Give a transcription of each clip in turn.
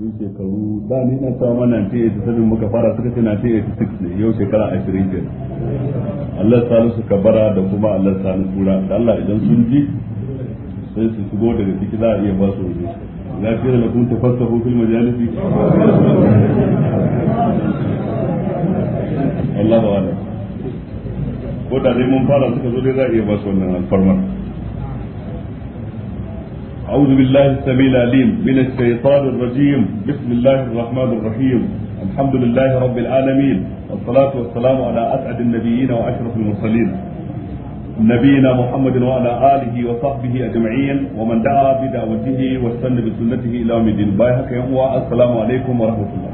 yau shekaru da ni na cewa mana 1987 muka fara suka ce 1986 ne yau shekara 20 kenan Allah su ka bara da kuma Allah salisu kura da Allah idan sun ji sai su shigo daga ciki za a iya ba su waje la fi la kun tafassahu fil majalisi Allahu a'lam ko da dai mun fara suka zo dai za a iya ba su wannan alfarmar أعوذ بالله السميع العليم من الشيطان الرجيم بسم الله الرحمن الرحيم الحمد لله رب العالمين والصلاة والسلام على أسعد النبيين وأشرف المرسلين نبينا محمد وعلى آله وصحبه أجمعين ومن دعا بدعوته واستنى بسنته إلى يوم الدين بايحك يوم السلام عليكم ورحمة الله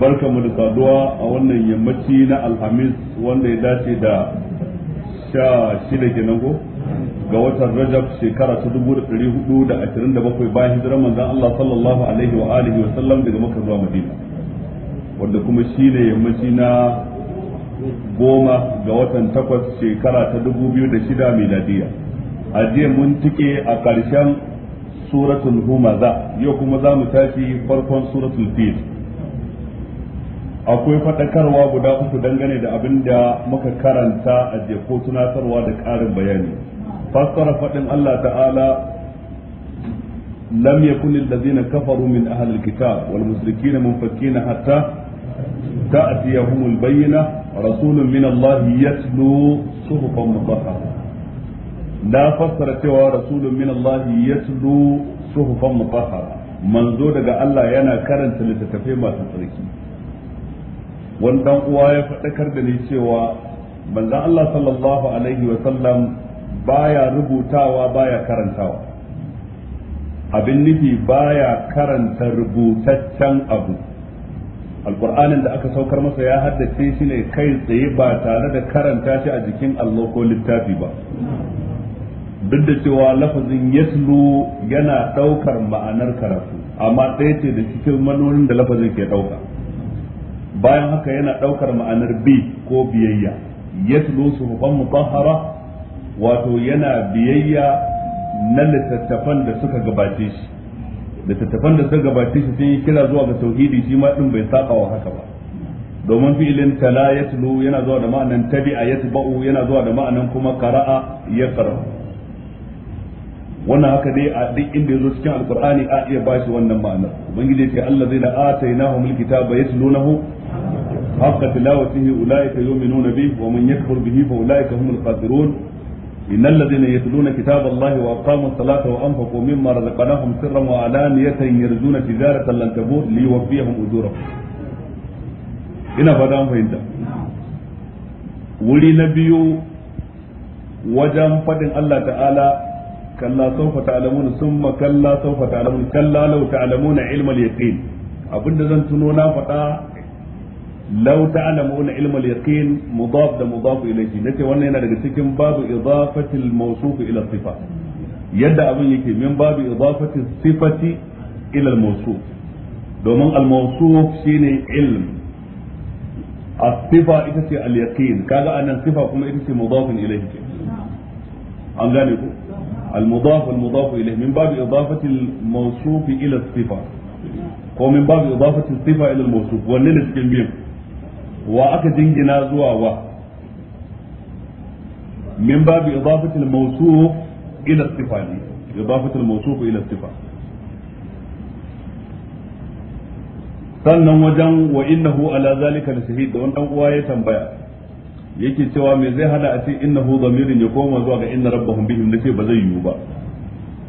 barka mu da saduwa a wannan yammaci na alhamis wanda ya dace da sha shida ko ga watan Rajab shekara ta bakwai bayan hijirar manzon Allah sallallahu alaihi wa alihi wa sallam daga Makka zuwa Madina wanda kuma shi ne yammaci na goma ga watan takwas shekara ta 2006 miladiya a jiya mun tike a ƙarshen suratul humaza yau kuma za mu tashi farkon suratul fil akwai faɗakarwa guda uku dangane da abin da muka karanta a jiya ko tunatarwa da ƙarin bayani fassara faɗin Allah ta'ala lam yakun allazina kafaru min ahli alkitab wal musrikina munfakina hatta ta'tiyahum bayyana, rasulun min Allah yatlu suhufan mutahhara da fassara cewa rasulun min Allah yatlu suhufan mutahhara manzo daga Allah yana karanta littattafai masu tsarki wani dan uwa ya faɗakar da ni cewa manzon Allah sallallahu alaihi wa sallam baya rubutawa baya karantawa abin nufi baya karanta rubutaccen abu alkur'anin da aka saukar masa ya haddace shi ne kai tsaye ba tare da karanta shi a jikin allo ko littafi ba duk da cewa lafazin yaslu yana ɗaukar ma'anar karatu amma ɗaya ce da cikin manonin da lafazin ke ɗauka bayan haka yana ɗaukar ma'anar bi ko biyayya yaslu suhufan mutahhara wato yana biyayya na littattafan da suka gabace shi littattafan da suka gabace shi sun yi kira zuwa ga tauhidi shi ma din bai saba wa haka ba domin fi'ilin tala yatlu yana zuwa da ma'anan tabi'a yatba'u yana zuwa da ma'anan kuma qara'a yaqra wannan haka dai a duk inda yazo cikin alqur'ani a iya bashi wannan ma'ana ubangiji ce Allah zai allazina atainahum alkitaba yatlunahu haqqa tilawatihi ulaika yu'minuna bihi wa man yakfur bihi fa ulaika humul khasirun إن الذين يتلون كتاب الله وأقاموا الصلاة وأنفقوا مما رزقناهم سرا وعلانية يرجون تجارة لن تبور ليوفيهم أجورهم ina fata an fahimta wuri na biyu wajen faɗin Allah ta'ala kalla sawfa ta'lamuna summa kalla sawfa ta'lamuna kalla law ta'lamuna ilmal yaqin abinda zan tuno na faɗa Lauta. da mudaf ilayhi nace wannan yana daga cikin babu idafati al-mawsuf ila sifa yadda abin المضاف إليه من باب إضافة الموصوف إلى الصفة ومن باب إضافة الصفة إلى الموصوف wa aka jingina zuwa wa min babu idafatul al-mawsuf ila istifani idafatul al-mawsuf ila istifa sannan wajen wa innahu ala zalika lashahid da wannan uwa ya tambaya yake cewa me zai hada a ce innahu zamirin ya koma zuwa ga inna rabbahum bihim nace ba zai yiwu ba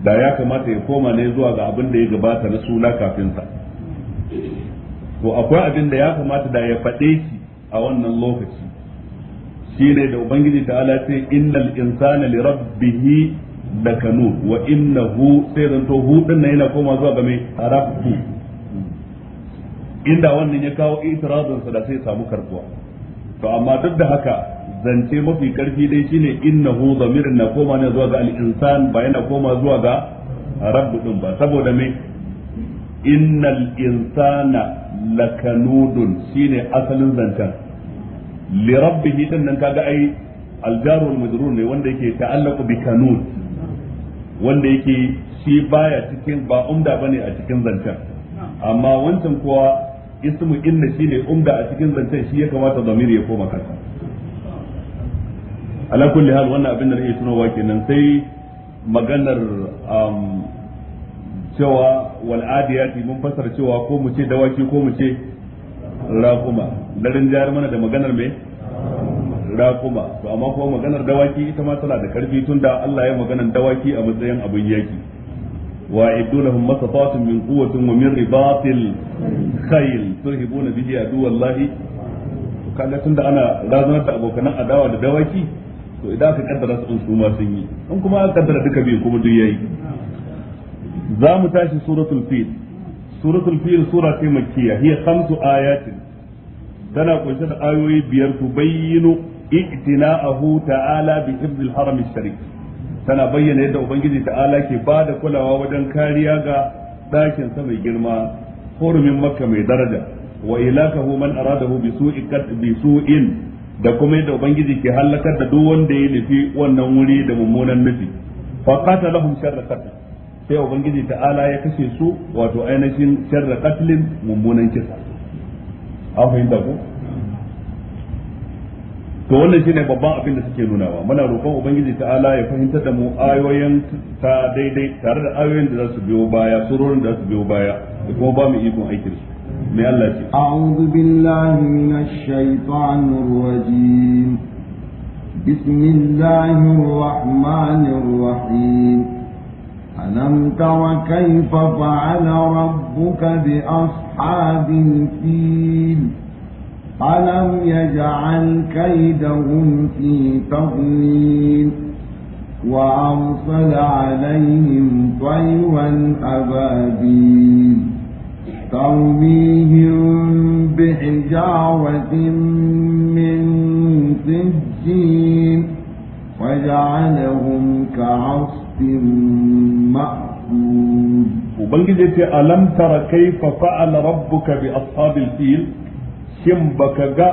da ya kamata ya koma ne zuwa ga abin da ya gabata na suna kafin sa to akwai abin da ya kamata da ya faɗe shi a wannan lokaci shine da ubangiji ta ala ce innal insana li rabbihi lakanu wa innahu sai zanto hu din nan yana koma zuwa ga mai rabbi inda wannan ya kawo itirazin sa da sai samu karbuwa to amma duk da haka zance mafi karfi dai shine innahu zamirin na koma ne zuwa ga al-insan ba yana koma zuwa ga rabbu din ba saboda mai innal insana lakanudun shine asalin zancen li rabbihi din nan kaga ai aljaru wal majrur ne wanda yake ta'allaqu bi kanun wanda yake shi baya cikin ba umda bane a cikin zancen amma wancan kuwa ismu inna ne umda a cikin zancen shi ya kamata zamiri ya koma kansa ala kulli hal wannan abin da yake tunowa kenan sai maganar cewa wal adiyati mun fasara cewa ko mu ce dawaki ko mu ce raƙuma larin jihar mana da maganar mai raƙuma to amma kuma maganar dawaki ita ma tana da karfi da Allah ya maganar dawaki a matsayin abin yaki wa idunahum masafatun min quwwatin wa min ribatil khayl turhibuna bihi aduwallahi kaga da ana razanar da abokan adawa da dawaki to idan aka kaddara su su ma sun yi in kuma aka kaddara duka biyu kuma duk yayi za mu tashi suratul fil suratul fil sura ce makkiya hiya khamsu ayatin tana kunshe da ayoyi biyar tubayyinu i'tina'ahu ta'ala bi ibn haram al-sharif tana bayyana yadda ubangiji ta'ala ke bada kulawa wajen kariya ga dakin sa mai girma hurumin makka mai daraja wa ilakahu man aradahu bi su'i bi su'in da kuma yadda ubangiji ke halakar da duk wanda ya nufi wannan wuri da mummunan nufi fa qatalahum sharra sai ubangiji ta'ala ya kashe su wato ainihin sharra katlin mummunan kisa an fahimta ko to wannan shine babban abin da suke nunawa muna roƙon ubangiji ta'ala ya fahimtar da mu ayoyin ta daidai tare da ayoyin da za su biyo baya surorin da za su biyo baya da kuma ba mu ikon aikin su mai Allah ce a'udhu billahi minash shaitanir rajim bismillahir rahmanir rahim ألم تر كيف فعل ربك بأصحاب الفيل ألم يجعل كيدهم في تضليل وأرسل عليهم طيرا أبابيل ترميهم بحجارة من سجين وجعلهم كعصف ma'dud ubangiji ce alam tara kaifa fa'ala rabbuka bi ashabil fil shin baka ga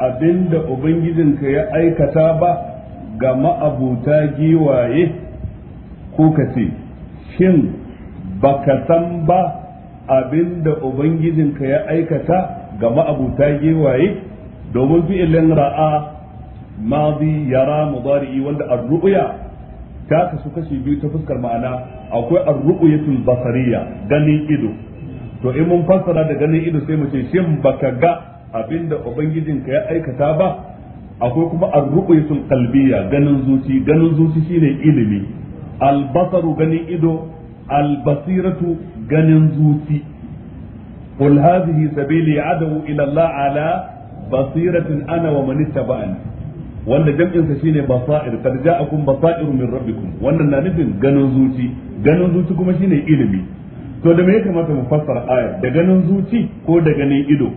abinda ubangijinka ya aikata ba ga ma'abuta giwaye ko ka ce shin baka san ba abinda ubangijinka ya aikata ga ma'abuta giwaye domin fi'ilin ra'a madi yara mudari wanda ar-ru'ya ta kasu kashi biyu ta fuskar ma'ana akwai ar basariya ganin ido to in mun fassara da ganin ido sai mu ce shin baka ga abinda ka ya aikata ba akwai kuma ar-ru'yatul qalbiyya ganin zuci ganin zuci shine ilimi albasaru ganin ido albasiratu ganin zuci قل هذه سبيلي عدو إلى الله على بصيرة wanda jam'in sa shine basair kad ja'akum basairu min rabbikum wannan na nufin ganin zuci ganin zuci kuma shine ilimi to da me ya kamata mu fassara ayar da ganin zuci ko da ganin ido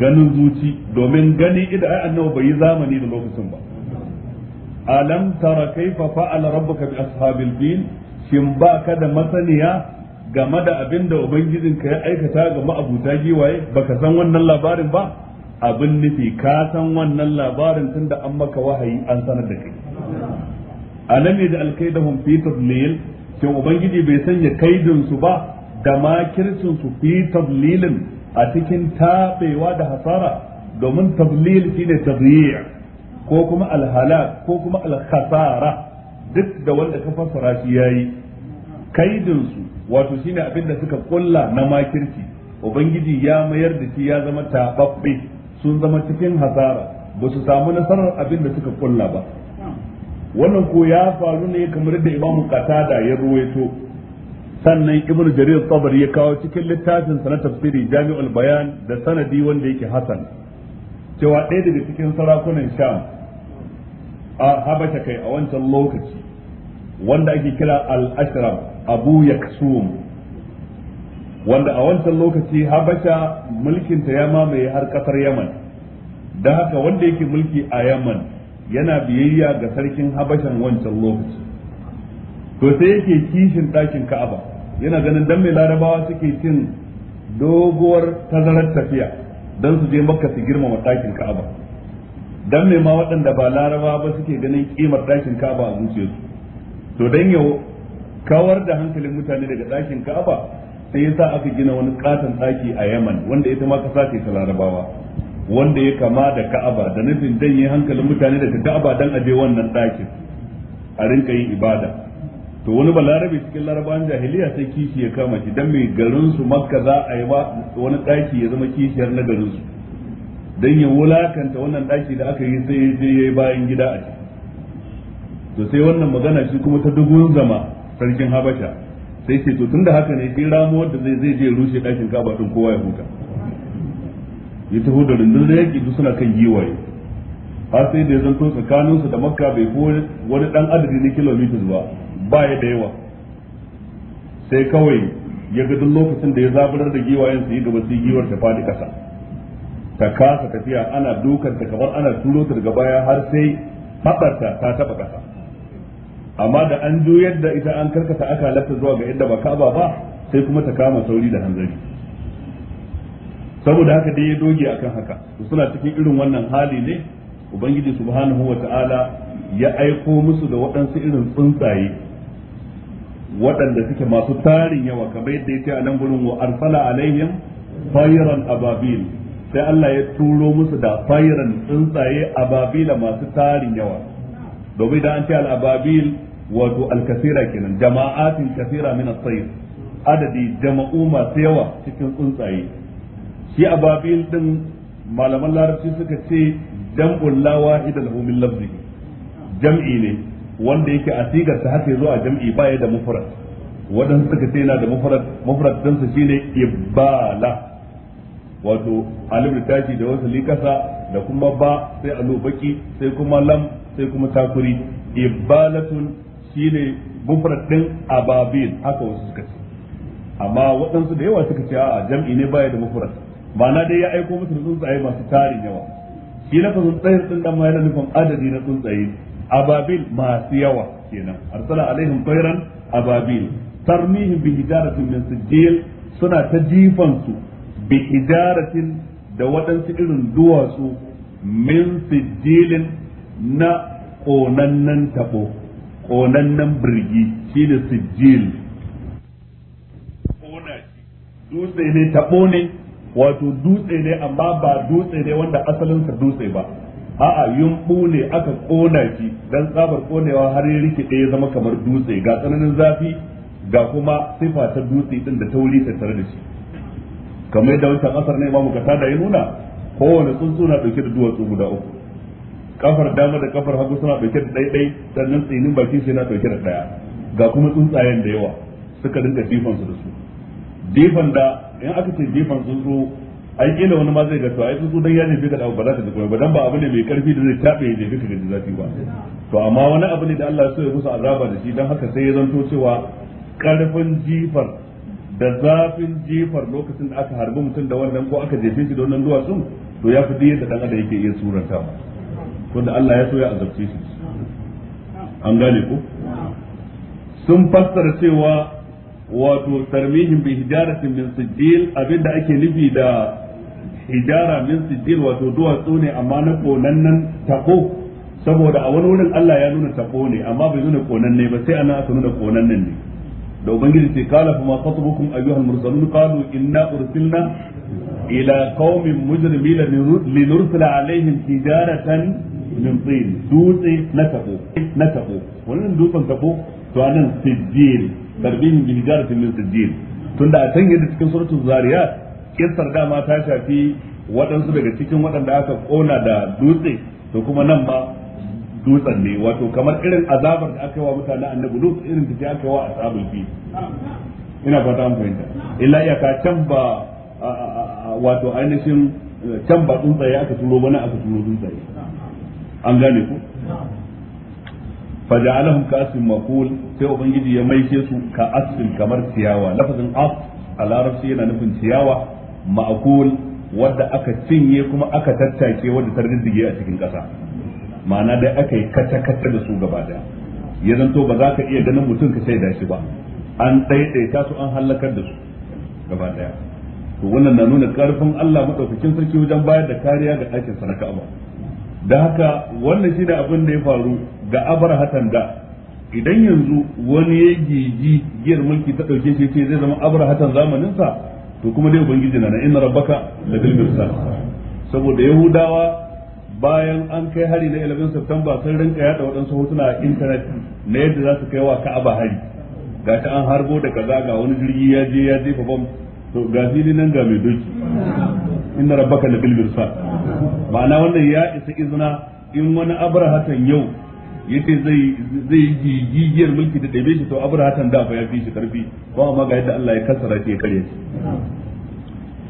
ganin zuci domin gani ido ai annabi bai yi zamani da lokacin ba alam tara kaifa fa'ala rabbuka bi ashabil fil shin ba ka da masaniya game da abin da ubangijinka ya aikata ga ma'abuta giwaye baka san wannan labarin ba abin nufi ka san wannan labarin tun da an maka wahayi an sanar da kai nan ne da alkaidahum fi tadlil shin ubangiji bai sanya kaidin su ba da makircin su fi a cikin tabewa da hasara domin tadlil shine tadyi'a ko kuma alhala ko kuma alkhasara duk da wanda ka fassara shi yayi kaidin su wato shine abin da suka kulla na makirci ubangiji ya mayar da shi ya zama tababbe sun zama cikin hasara ba su samu nasarar abin da suka kulla ba wannan ko ya faru ne kamar da imamu qatada ya ruwaito sannan ibnu jarir tabari ya kawo cikin littafin sa na tafsiri jami'ul bayan da sanadi wanda yake hasan cewa ɗaya daga cikin sarakunan sham a habasha kai a wancan lokaci wanda ake kira al-ashraf abu yaksum wanda a wancan lokaci habasha mulkinta ya mamaye har kasar yaman da haka wanda yake mulki a yaman yana biyayya ga sarkin habashan wancan lokaci to sai yake kishin ɗakin ka'aba yana ganin dan mai larabawa suke cin doguwar tazarar tafiya don su je makka su girmama ɗakin ka'aba dan mai ma waɗanda ba larabawa ba suke ganin ƙimar ɗakin ka'aba a zuciyarsu to dan yau kawar da hankalin mutane daga ɗakin ka'aba sai yasa aka gina wani katon ɗaki a Yaman wanda ita ma kasa ce ta Larabawa wanda ya kama da Ka'aba da nufin yi hankalin mutane daga Ka'aba dan aje wannan ɗakin a rinka yin ibada to wani Larabe cikin larabawan jahiliya sai kishi ya kama shi dan mai garin su makka za a yi ba wani ɗaki ya zama kishiyar na garin su dan ya wulakanta wannan daki da aka yi sai ya yayi bayan gida a ciki to sai wannan magana shi kuma ta dubun zama sarkin habasha sai ce to da haka ne shi ramo da zai zai je rushe ɗakin kaba din kowa ya huta ya taho da rundunar yaƙi duk suna kan giwaye har sai da ya zanto tsakaninsu da makka bai ko wani ɗan adadi na kilomita ba ba ya da yawa sai kawai ya ga duk lokacin da ya zaburar da giwayen su yi gaba sai giwar ta faɗi kasa ta kasa tafiya ana dukanta kamar ana turo ta daga baya har sai haɓarta ta taɓa ƙasa amma da an juyar yadda ita an karkata aka lafta zuwa ga inda ba kaba ba sai kuma ta kama sauri da hanzari saboda haka dai ya doge akan haka suna cikin irin wannan hali ne ubangiji subhanahu wata'ala ya aiko musu da waɗansu irin tsuntsaye waɗanda suke masu tarin yawa kamar yadda ya ce a nan gurin wa arsala alaihim fayran ababil sai Allah ya turo musu da fayran tsuntsaye ababila masu tarin yawa domin da an ce al ababil wato alkasira kenan jama'atin kasira min as-sayr adadi jama'u masu yawa cikin tsuntsaye shi ababil din malaman larabci suka ce jam'ul la wahid lahu min lafzi jam'i ne wanda yake asigar ta haka zuwa jam'i baya da mufrad wadan suka ce yana da mufrad mufrad din sa shine ibala wato alif da taji da wasali kasa da kuma ba sai a baki sai kuma lam sai kuma takuri ibalatun shine mufrad din ababil haka wasu suka ce amma waɗansu da yawa suka ce a jam'i ne baya da mufrad ma'ana dai ya aiko musu da tsuntsaye masu tarin yawa shi na fasin tsayin sun dan nufin adadi na tsuntsaye ababil masu yawa kenan arsala alaihim tayran ababil tarmihim bi hijaratin min sijil suna ta jifan su bi hijaratin da waɗansu irin duwatsu min sijilin na ƙonannen taɓo. konannen birgi shine sijil kona shi dutse ne tabo ne wato dutse ne amma ba dutse ne wanda asalinsa dutse ba a'a yumbu ne aka kona shi dan tsabar konewa har ya rike ya zama kamar dutse ga tsananin zafi ga kuma sifa ta dutse din da tauri ta tare da shi kamar yadda wancan kasar ne mu kasa da ya nuna kowane tsuntsu na dauke da duwatsu guda uku kafar dama da kafar hagu suna dauke da ɗaiɗai sannan tsinin baki sai na dauke da ɗaya ga kuma tsuntsayen da yawa suka dinga jifan su da su jifan da in aka ce jifan tsuntsu ai kila wani ma zai ga to ai tsuntsu dan ya jefe ka da ba za ta ji kuma ba dan ba abu ne mai karfi da zai tabe ya bi ka da zafi ba to amma wani abu ne da Allah ya so ya musu azaba da shi dan haka sai ya zanto cewa karfin jifar da zafin jifar lokacin da aka harbi mutum da wannan ko aka jefe shi da wannan duwatsun to ya fi da dan adam yake iya suranta wanda Allah ya so ya azabce shi an gane ku? sun fassara cewa wato tarmihim bi hijaratin min sijil abinda ake nufi da hijara min sijil wato duwatsu ne amma na konannan tako saboda a wani wurin Allah ya nuna tako ne amma bai nuna konanne ba sai ana aka nuna konannen ne da ubangiji ce kala fa ma khatabukum ayyuhal mursalun qalu inna ursilna ila qaumin mujrimin linursila alaihim hijaratan min tsin dutse na tabo na tabo wannan dutsen tabo to anan sijil tarbin bi hijaratin min sijil tunda a can yadda cikin suratul zariyat kissar dama ta shafi waɗansu daga cikin waɗanda aka kona da dutse to kuma nan ba dutsen ne wato kamar irin azabar da aka yi wa mutanen annabi lut irin ta ce aka yi wa ashabul fi ina fata an fahimta illa iyaka can ba wato ainihin eh, can ba tsuntsaye aka turo bana aka turo tsuntsaye an gane ku faja'alahum ka'asin maqul sai ubangiji ya maishe su ka ka'asin kamar ciyawa lafazin af a larabci yana nufin ciyawa ma'qul wadda aka cinye kuma aka tattake wadda ta riddige a cikin ƙasa ma'ana dai aka yi kata-kata da su gaba daya ya zanto ba za ka iya ganin mutum ka shaida shi ba an ɗaiɗaita su an hallakar da su gaba daya to wannan na nuna karfin Allah madaukakin sarki wajen bayar da kariya ga ɗakin na ba da haka wannan da abin da ya faru ga abrahatan da idan yanzu wani ya gigi giyar mulki ta ɗauke shi ce zai zama abarhatan zamanin sa to kuma dai ubangiji na ina rabbaka da bil saboda yahudawa bayan an kai hari na 11 September sun rinka yada waɗansu hotuna a intanet na yadda za su kai wa Ka'aba hari ga ta an harbo da kaza ga wani jirgi ya je ya jefa bom to ga fili nan ga mai doki inna rabbaka labil mirsad ma'ana wannan ya isa izna in wani abrahatan yau yace zai zai gigiyar mulki da dabe shi to abrahatan da fa ya fi shi karfi ko amma ga yadda Allah ya kasara shi ya kare shi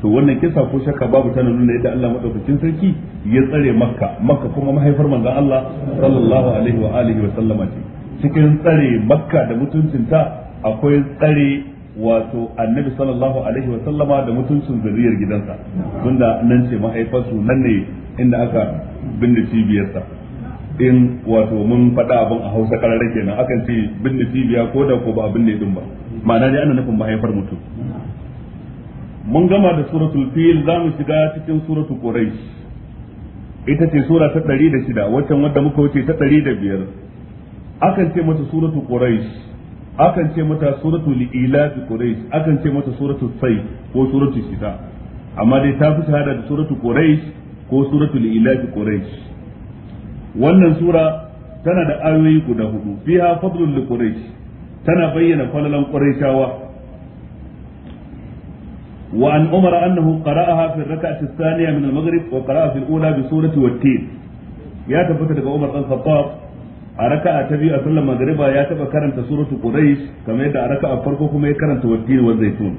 to wannan kisa ko shakka babu tana nuna yadda Allah madaukakin sarki ya tsare makka makka kuma mahaifar manzon Allah sallallahu alaihi wa alihi wa sallama ce cikin tsare makka da mutuncinta akwai tsare wato annabi sallallahu alaihi wa sallama da mutuncin zuriyar gidansa tunda nan ce mahaifarsu nan ne inda aka binne cibiyarsa in wato mun faɗa abin a hausa ƙararra kenan akan ce binne cibiya ko da ko ba abin ne din ba ma'ana dai ana nufin mahaifar mutum mun gama da suratul fil za mu shiga cikin suratul quraish ita ce sura ta 106 wacce wanda muka wuce ta 105 akan ce mata suratul quraish akan ce mata suratu li'ilafi quraish akan ce mata suratu sai ko suratu shida amma dai ta fi shahada da suratu quraish ko suratu li'ilafi quraish wannan sura tana da ayoyi guda hudu fiha fadlul li quraish tana bayyana falalan quraishawa وعن عمر أنه قرأها في wa الثانية من المغرب وقرأها في الأولى بسورة ya tabbata daga Umar dan الخطاب a raka'a ta biyu a sallar magariba ya taba karanta suratu quraish kamar yadda a raka'a farko kuma ya karanta wattin wa zaitun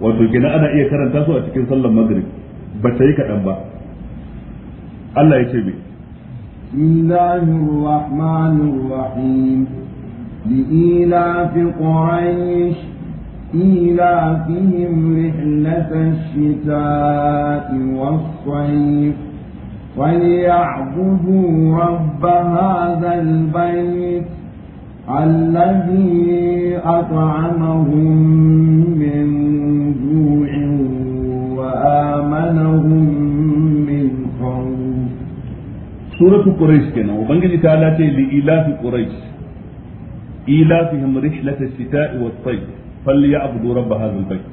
wato kenan ana iya karanta su a cikin sallar magrib ba ta yi kaɗan ba Allah ya ce bi Bismillahirrahmanirrahim لإيلاف قريش إيلافهم رحلة الشتاء والصيف وليعبدوا رب هذا البيت الذي أطعمهم من جوع وآمنهم من خوف سورة قريش كنا وبنجي تعالى لإلاف قريش إيلافهم رحلة الشتاء والصيف فليعبدوا رب هذا البيت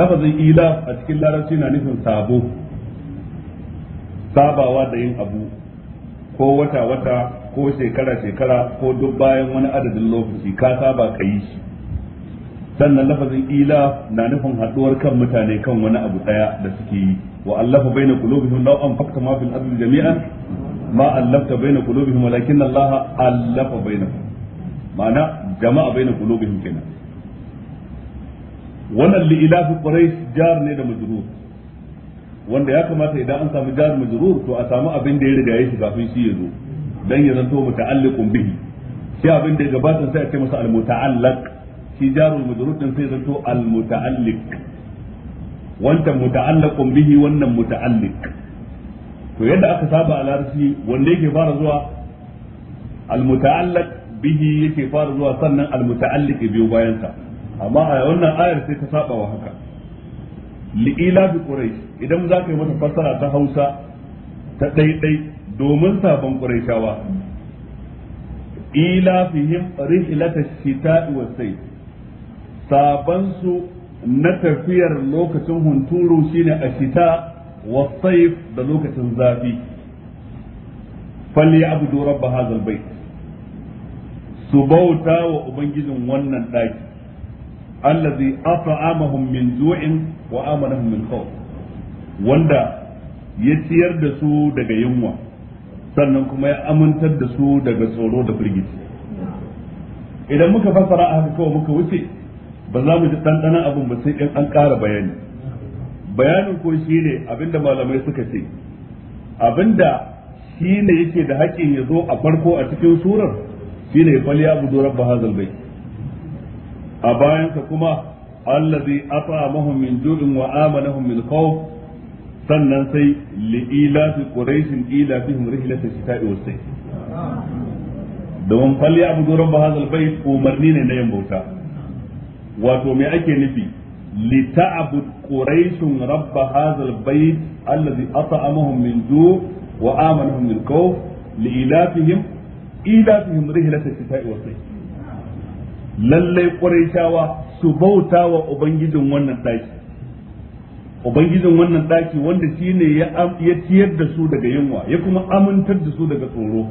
لفظ إيلاف أشكال لا رسينا نفهم سابوه sabawa da yin abu ko wata wata ko shekara shekara ko duk bayan wani adadin lokaci ka saba ka yi shi sannan lafazin ila na nufin haɗuwar kan mutane kan wani abu ɗaya da suke yi wa allafa baina qulubihim law anfaqta ma fil ardi jami'an ma allafta baina qulubihim walakin allaha allafa bainahum ma'ana jama'a baina qulubihim kenan wannan li ila fi quraish jar ne da majrur wanda ya kamata idan an samu jar majrur to a samu abin da ya riga yake kafin shi ya zo dan ya zanto muta'alliqun bihi shi abin da ya gabata sai a ce masa al-muta'alliq shi jarul majrur din sai zanto al-muta'alliq wannan muta'alliqun bihi wannan muta'alliq to yadda aka saba a larabci wanda yake fara zuwa al-muta'alliq bihi yake fara zuwa sannan al-muta'alliq biyo bayan sa amma a wannan ayar sai ta saba wa haka li'ila bi quraish idan za ka yi mata fassara ta Hausa ta ɗaiɗai domin sabon quraishawa ila fihim rihlatash shita'i was sayf saban su na tafiyar lokacin hunturu shine shita was sayf da lokacin zafi abdu rabb hadha albayt su bauta wa ubangijin wannan daki allazi at'amahum min ju'in wa amanahum min khawf wanda ya ciyar da su daga yunwa sannan kuma ya amintar da su daga tsoro da firgici idan muka fassara a haka kawai muka wuce ba za mu ji ɗanɗanon abin ba sai in an ƙara bayani bayanin ko shi ne abinda malamai suka ce abinda shi ne yake da haƙƙin ya zo a farko a cikin surar shi ne fali abu rabba hazal bai a bayansa kuma allazi at'amahum min ju'in wa amanahum min khawf sannan sai li'ila fi quraishin ila fihim rihlata shita'i was sayf domin falli abu duran ba hazal bai umarni ne na yin bauta wato me ake nufi li ta'bud quraishun rabb hazal bait allazi at'amahum min ju' wa amanahum min khawf li'ilafihim ilafihim rihlata shita'i was sayf lalle quraishawa su bauta wa ubangijin wannan daki ubangijin wannan daki wanda shine ya ya ciyar da su daga yunwa ya kuma amintar da su daga tsoro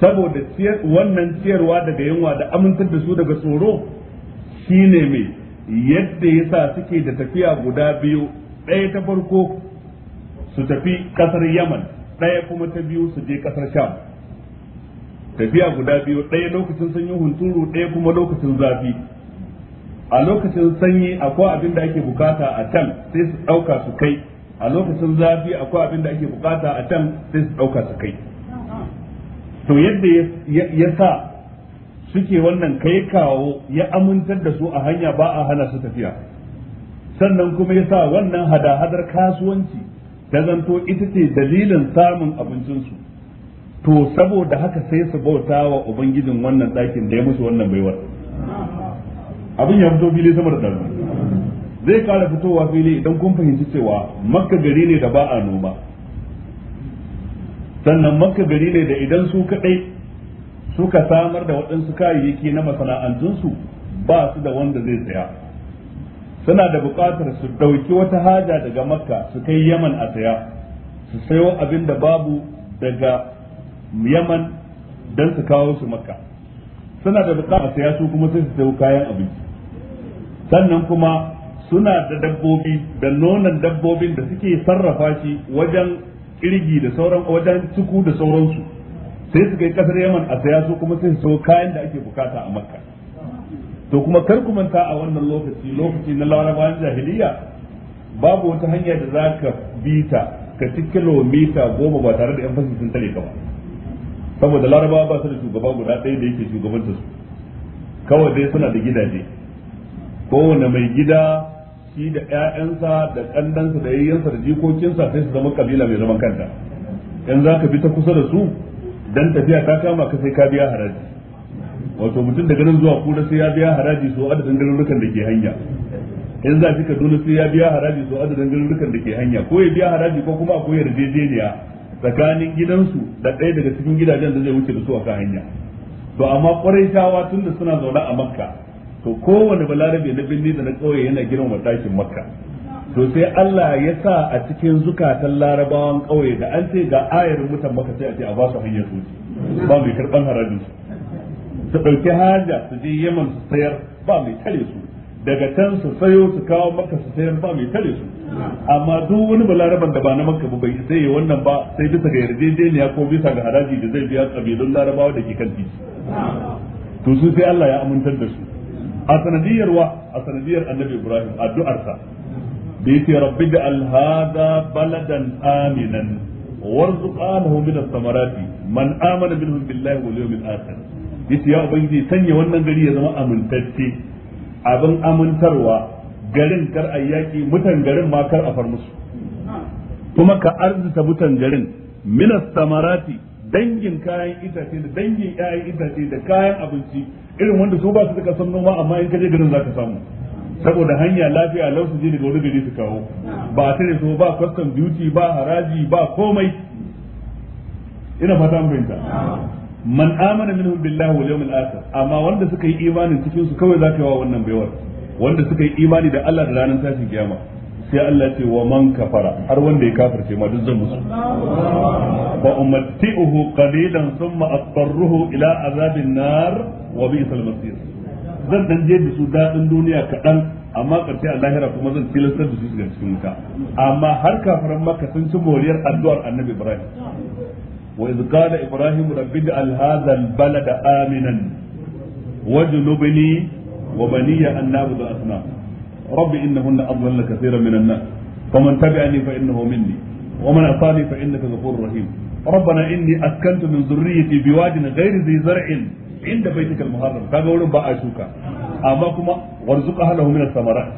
saboda tiyar wannan ciyarwa daga yunwa da amintar da su daga tsoro shine mai yadda yasa suke da tafiya guda biyu ɗaya ta farko su tafi ƙasar yaman ɗaya kuma ta biyu su je ƙasar sham tafiya guda biyu ɗaya lokacin sanyin hunturu ɗaya kuma lokacin zafi a lokacin sanyi akwai abin da ake bukata a can sai su dauka su kai a lokacin zafi akwai abin da ake bukata a can sai su dauka su kai to yadda ya sa suke wannan kai kawo ya amintar da su a hanya ba a hana su tafiya sannan kuma ya sa wannan hada-hadar kasuwanci ta zanto ita ce dalilin samun abincinsu to saboda haka sai su bauta wa ubangijin wannan ɗakin da ya musu wannan baiwar abin ya fito fili sama da ɗan zai kara fitowa fili idan kun fahimci cewa makka gari ne da ba a noma sannan makka gari ne da idan su kaɗai suka samar da waɗansu kayayyaki na masana'antunsu ba su da wanda zai tsaya. suna da buƙatar su ɗauki wata haja daga makka su kai yaman a saya su sayo abin da babu daga yaman don su kawo su makka suna da bukata saya su kuma sai su sayo kayan abinci sannan kuma suna da dabbobi da nonon dabbobin da suke sarrafa shi wajen kirgi da sauran wajen ciku da sauransu sai su kai kasar yaman a saya su kuma sai su sayo kayan da ake bukata a makka to kuma kar ku manta a wannan lokaci lokaci na larabawan jahiliya babu wata hanya da za ka bi ta ka ci kilomita goma ba tare da yan fashin sun tare ka ba saboda larabawa ba su da shugaba guda ɗaya da yake shugabantar su kawai dai suna da gidaje kowane mai gida shi da ƴaƴansa da ƙandansa da yayyansa da jikokinsa sai su zama kabila mai zaman kanta in za ka bi ta kusa da su dan tafiya ta kama ka sai ka biya haraji wato mutum da ganin zuwa kura sai ya biya haraji so adadin garurukan da ke hanya in za ka kaduna sai ya biya haraji so adadin garurukan da ke hanya ko ya biya haraji ko kuma akwai yarjejeniya tsakanin gidansu da ɗaya daga cikin gidajen da zai wuce da su a kan hanya to amma ƙwarai tun da suna zaune a makka to kowane balarabe na birni da na ƙauye yana girmama ɗakin makka to sai Allah ya sa a cikin zukatan larabawan ƙauye da an ce ga ayar mutan maka sai a ce a ba su hanyar su ba mai karɓan harajin su su ɗauki haja su je yaman su sayar ba mai tare su daga can su sayo su kawo maka su sayan ba mai tare su amma duk wani balaraban da ba na maka ba bai sai wannan ba sai bisa ga yarjejeniya ko bisa ga haraji da zai biya kabilun larabawa da ke kan titi to su sai Allah ya amintar da su a sanadiyar wa a sanadiyar annabi Ibrahim addu'arsa da yake rabbi da alhada baladan aminan warzuqanahu min as samarati man amana billahi wal yawmil akhir yace ya ubangiji sanya wannan gari ya zama amintacce abin amintarwa garin kar a yaƙi mutan garin ma kar a far musu kuma ka arzita mutan garin minas samarati dangin kayan itace da dangin 'ya'yan itace da kayan abinci irin wanda su ba su suka san noma amma in kaje garin zaka samu saboda hanya lafiya lau su je daga wani gari su kawo ba ta ne su ba custom duty ba haraji ba komai ina fata mun fahimta man amana minhum billahi wal yawmil akhir amma wanda suka yi imanin cikin su kawai zaka yi wa wannan baiwar wanda suka yi imani da Allah da ranar tashin kiyama sai Allah ce wa man kafara har wanda ya kafirce ma duk zan musu fa umatti'uhu qalilan thumma asfarruhu ila azabin nar wa bi'sal masir zan dan je da su dadin duniya kadan amma karshe a lahira kuma zan tilastar da su cikin wuta amma har kafaran maka sun ci moriyar addu'ar annabi Ibrahim وإذ قال إبراهيم رب اجعل هذا البلد آمنا واجنبني وبني أن نعبد الأصنام رب إنهن أضلل كثيرا من الناس فمن تبعني فإنه مني ومن أطاني فإنك غفور رحيم ربنا إني أسكنت من ذريتي بواد غير ذي زرع عند بيتك المحرم كما يقولون بقى شوكا أما كما وارزق أهله من الثمرات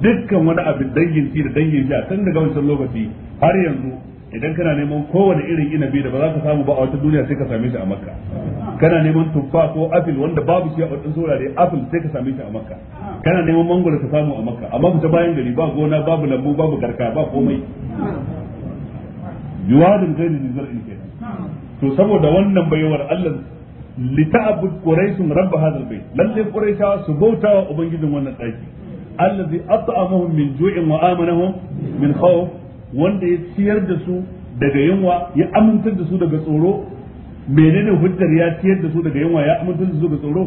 dukkan wani abin dangin shi da dangin shi a tun daga wancan lokaci har yanzu idan kana neman kowane irin inabi da ba za ka samu ba a wata duniya sai ka same shi a makka kana neman tuffa ko apple wanda babu shi a wadin saurare apple sai ka same shi a makka kana neman mangoro ka samu a makka amma ta bayan gari ba gona babu lambu babu garka ba komai yuwadin gairi zar'in kenan to saboda wannan bayawar Allah lita'abud quraishun rabb hadal bayt lalle quraishawa su bauta wa ubangijin wannan daki allazi at'amahum min ju'in wa amanahum min khawf wanda ya ciyar da su daga yunwa ya amintar da su daga tsoro menene hujjar ya ciyar da su daga yunwa ya amintar da su daga tsoro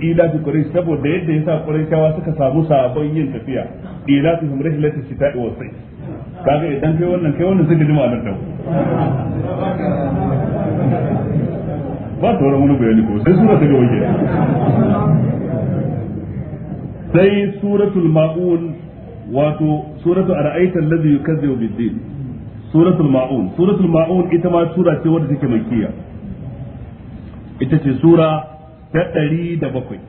ila bi quraish saboda yadda yasa quraishawa suka samu sabon yin tafiya ila su humra hilati shita'i wa sayf kaga idan kai wannan kai wannan sai ka ji ma'anar da ba ran wani bayani ko sai sura ta ga wajen sai suratul ma'un wato suratu ara'aita allazi yukazzibu bid-din suratul ma'un suratul ma'un ita ma sura ce wadda take makkiya ita ce sura ta ɗari da bakwai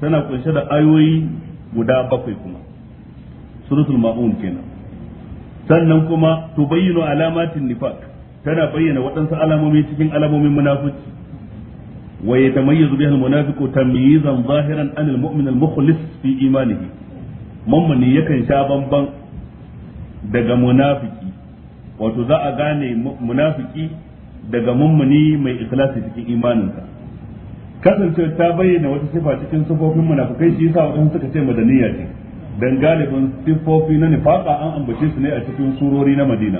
tana kunshe da ayoyi guda bakwai kuma suratul ma'un kenan sannan kuma tubayyinu alamatin nifaq tana bayyana waɗansu alamomi cikin alamomin munafici wa yatamayyazu biha al-munafiqu tamyizan zahiran an al-mu'min al-mukhlis fi imanihi mummuni yakan sha bamban daga munafiki wato za a gane munafiki daga mummuni mai ikhlasi cikin imaninsa kasance ta bayyana wata sifa cikin sifofin munafikai shi yasa wadansu suka ce madaniya ce dan galibin sifofi na nifaqa an ambace su ne a cikin surori na Madina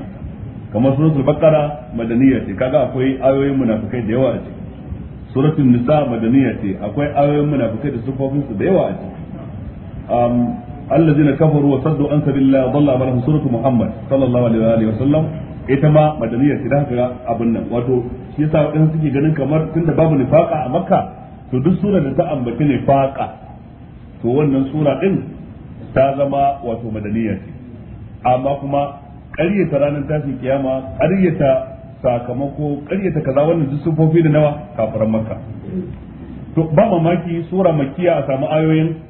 kamar suratul baqara madaniya ce kaga akwai ayoyin munafikai da yawa a ciki suratul nisa madaniya ce akwai ayoyin munafikai da sifofin su da yawa a ciki allazina kafaru wa saddu an sabilillah dalla amalahum suratu muhammad sallallahu alaihi wa sallam ita ma madaniyar ce da haka abin nan wato shi yasa in suke ganin kamar tunda babu nifaqa a makka to duk sura da ta ambaci nifaqa to wannan sura din ta zama wato madaniya ce amma kuma ƙaryata ranar tashin kiyama ƙaryata sakamako ƙaryata kaza wannan duk sufofi da nawa kafiran makka to ba mamaki sura makkiya a samu ayoyin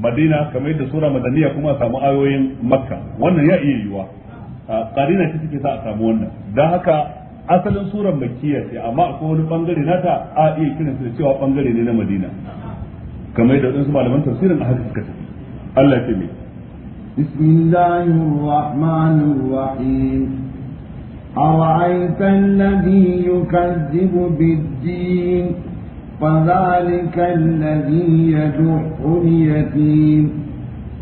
madina kamar yadda sura madaniya kuma a samu ayoyin makka wannan ya iya yiwa karina ce take sa a samu wannan don haka asalin surar makkiya ce amma akwai wani bangare nata a iya kiran su da cewa bangare ne na madina kamar yadda wadansu malaman tafsirin a haka suka ce Allah ya ce mai بسم الله الرحمن الرحيم أرأيت الذي يكذب بالدين فذلك الذي يجح اليتيم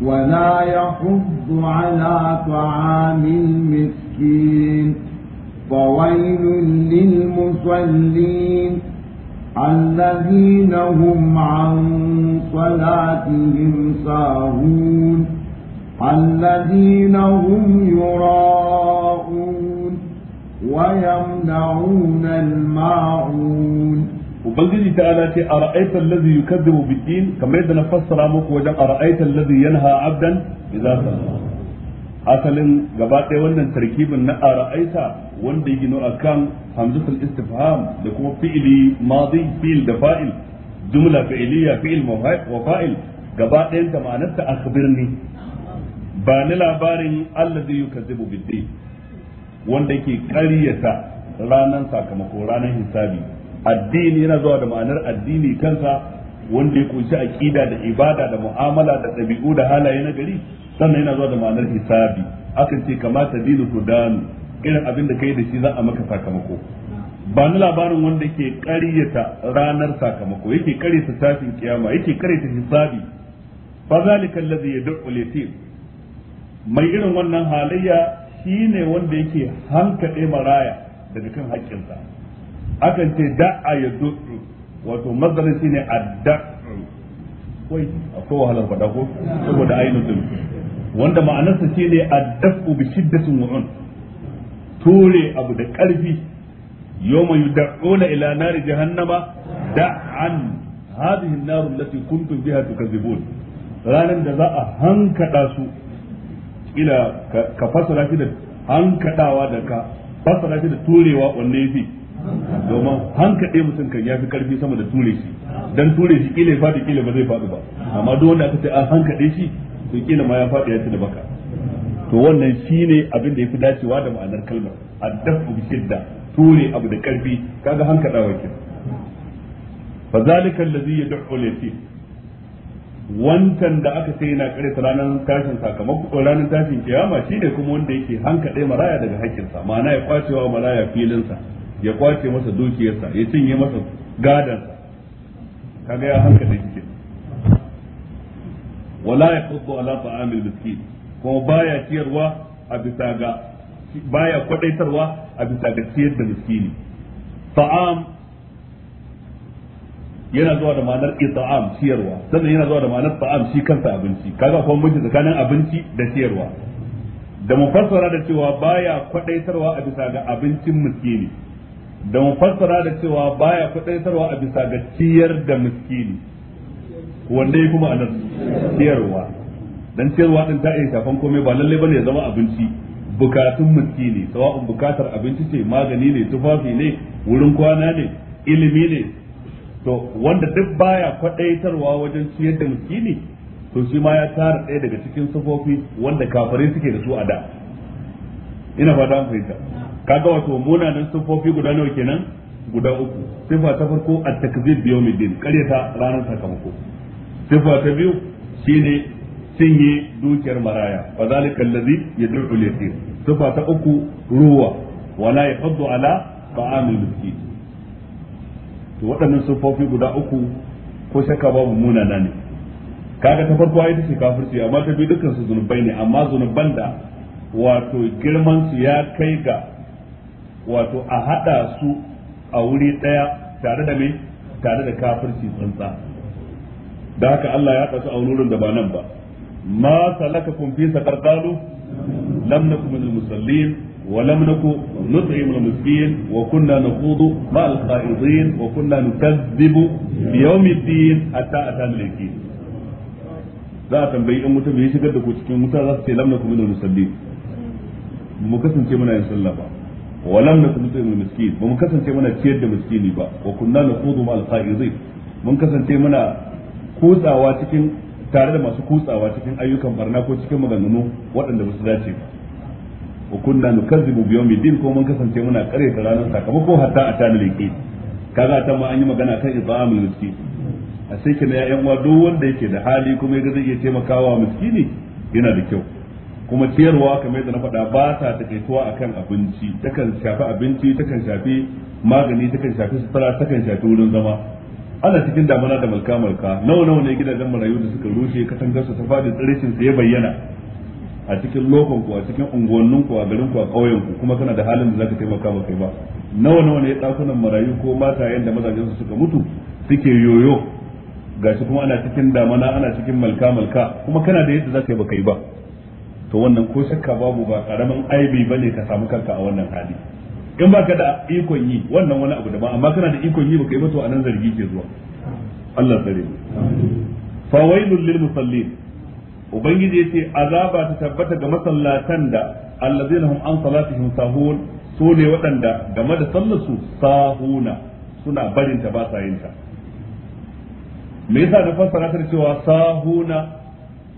ولا يحض على طعام المسكين فويل للمصلين الذين هم عن صلاتهم ساهون الذين هم يراءون ويمنعون الماعون ubangiji ta ala ce ara'aita allazi yukazzibu bid-din kamar yadda na fassara muku wajen ara'aita allazi yanha abdan idza salla asalin gaba ɗaya wannan tarkibin na a ra'aita wanda ya gino kan hamzatul istifham da kuma fi'ili madi fi'il da fa'il jumla fi'iliya fi'il wa fa'il gaba ɗayan ta ma'anarta akhbirni ba ni labarin allazi yukazzibu bid-din wanda ke ƙaryata ranar sakamako ranar hisabi addini yana zuwa da ma'anar addini kansa wanda ya kunshi aqida da ibada da mu'amala da ɗabi'u da halaye na gari sannan yana zuwa da ma'anar hisabi akan ce kamata dinu sudan irin abin da kai da shi za a maka sakamako ba ni labarin wanda ke ƙaryata ranar sakamako yake ƙaryata tashin kiyama yake ƙaryata hisabi fa zalika allazi yad'u al-yatim mai irin wannan halayya shine wanda yake hankade maraya daga kan haƙƙinsa akan ce da'a ya zo wato mazdarin shine adda'u a ko wahalar fada ko saboda ainihin din wanda ma'anar ma'anarsa shine adda'u bi shiddatin wa'un tore abu da karfi yawma yud'una ila nari jahannama da'an hadhihi an-nar allati kuntum biha tukazibun ranan da za a hankada su ila ka fasara shi da hankadawa daga fasara shi da turewa wanne yafi domin hankali mutum kan ya fi karfi sama da ture shi dan ture shi kila ya faɗi kila ba zai faɗi ba amma duk wanda aka ce an hankali shi to kila ma ya faɗi ya ci da baka to wannan shine abin da ya fi dacewa da ma'anar kalmar addafu bi shidda ture abu da karfi kaga hankaɗawa ke fa zalika allazi yad'u lati Wantan da aka ce yana kare ranar tashin sakamako ranar tashin kiyama shine kuma wanda yake hankaɗe maraya daga hakkinsa ma'ana ya kwacewa maraya filinsa ya kwace masa dukiyarsa ya cinye masa gadan kaga ya hankali cikin wala ya kudu ala ta'amil miskin kuma baya ciyarwa a bisa ga baya kwadaitarwa a bisa ga ciyar da miskini ta'am yana zuwa da ma'anar ita'am ciyarwa sannan yana zuwa da ma'anar ta'am shi kansa abinci kaga kuma mutunta tsakanin abinci da ciyarwa da mufassara da cewa baya kwadaitarwa a bisa ga abincin miskini da mu fassara da cewa baya kudaitarwa a bisa ga ciyar da miskini wanda ya kuma anar ciyarwa dan ciyarwa din ta iya shafan komai ba lalle bane ya zama abinci bukatun miskini sawa'un bukatar abinci ce magani ne tufafi ne wurin kwana ne ilimi ne to wanda duk baya kwadaitarwa wajen ciyar da miskini to shi ma ya tara ɗaya daga cikin sufofi wanda kafare suke da su a da ina fata an fahimta kaga wato munanan sufofi guda nawa kenan guda uku sifa ta farko at-takzib bi yawmiddin karyata ranar sakamako sifa ta biyu shine yi dukiyar maraya fa zalika allazi yad'u al-yatim sifa ta uku ruwa wala yafaddu ala ta'amil miskin to waɗannan sufofi guda uku ko shakka babu munana ne kaga ta farko ai take kafirci amma ta biyu dukkan su zunubai ne amma zunuban da wato girman su ya kai ga wato a hada su a wuri ɗaya tare da mai tare da kafirci tsantsa da haka Allah ya kasu a wurin da ba nan ba ma salakakum fi saqar qalu lam nakum min musallin wa lam naku nut'imu mu miskin wa kunna naqudu ma al-qa'idin wa kunna yau nukazzibu bi yawmiddin hatta atana al laifi. za a tambayi in mutum ya shigar da ku cikin wuta za su ce lam nakum min musallin mu kasance muna yin sallah ba walam nakunu tu'imul miski ba mu kasance mana ciyar da ne ba wa kunna naqudu ma al mun kasance mana kutsawa cikin tare da masu kutsawa cikin ayyukan barna ko cikin maganganu waɗanda ba su dace ba wa kunna nukazzibu bi din ko mun kasance muna kare ta ranar sakamako hatta a ta leke kaga ta ma an yi magana kan ibamul miski a sai kina ya yan uwa duk wanda yake da hali kuma ya ga zai iya taimakawa miskini yana da kyau kuma ciyarwa kamar yadda na faɗa ba ta takaituwa akan abinci takan shafi abinci takan shafi magani takan shafi sutura takan shafi wurin zama ana cikin damana da malka malka nawa nawa ne gidajen marayu da suka rushe katangar su ta fadi tsirishin su ya bayyana a cikin lokon ku a cikin unguwannin ku a garin ku a ƙauyen ku kuma kana da halin da zaka taimaka ba kai ba nawa nawa ne dakunan marayu ko mata yanda mazajen su suka mutu suke yoyo gashi kuma ana cikin damana ana cikin malka malka kuma kana da yadda zaka yi ba kai ba to wannan ko shakka babu ba karamin aibi bane ka samu kanka a wannan hali in baka da ikon yi wannan wani abu da amma kana da ikon yi baka yi ba to anan zargi ke zuwa Allah tsare fa wailul lil musallin ubangiji yace azaba ta tabbata ga masallatan da allazina hum an salatihim sahun su ne waɗanda game da sallarsu sahuna suna barin ta ba sa yin me yasa da fassara ta cewa sahuna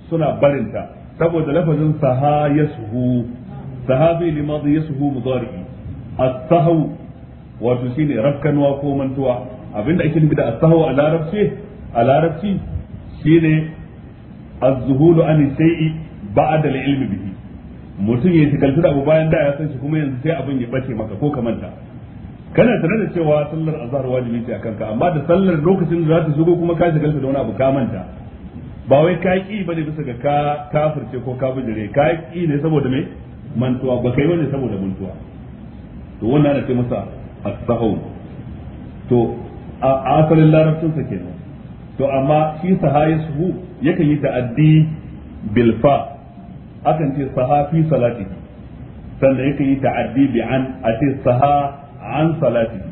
suna barin ta saboda lafazin saha yasuhu sahabi limadi yasuhu mudari as-sahw wato shine rakkanwa ko mantuwa abinda ake nufi da as-sahw a larabci a larabci shine az-zuhulu an shay'i ba'da al-ilmi bihi mutum ya shigaltu da abu bayan da ya san shi kuma yanzu sai abin ya bace maka ko ka manta. kana tare da cewa sallar azhar wajibi ce akan ka amma da sallar lokacin da za ta shigo kuma ka shigalta da wani abu ka manta ba wai ka ba ne bisa ga ka kafirce ko ka bijire ka ki ne saboda me mantuwa ba kai bane saboda mantuwa to wannan ana ce masa as-sahw to a asalin larabcin sa kenan to amma shi sahayi su yakan yi ta'addi bil fa akan ce saha fi salati sannan yakan yi ta'addi bi an a ce saha an salati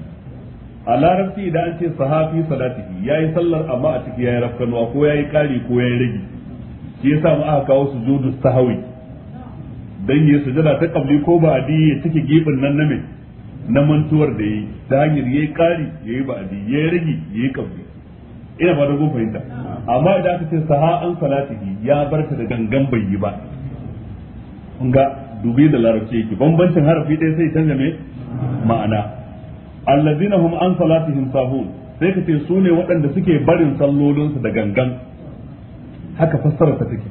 a larabci idan an ce sahafi salatihi yi sallar amma a ciki ya yi rafkanuwa ko ya yi kari ko ya yi rage shi yasa mu aka kawo su sujudu sahawi Don yi sujada ta kabli ko ba adi ya take gibin nan na mai, na mantuwar da yi ta hanyar ya yi kari yi ba ya yayi rage yi kabli ina fatan kun fahimta amma idan aka ce saha an salatihi ya bar ta da gangan bai yi ba kun ga dubi da larabci yake bambancin harafi ɗaya sai canza me ma'ana allazina hum an salatihim sahun sai ka ce su ne waɗanda suke barin sallolinsu da gangan haka fassara ta take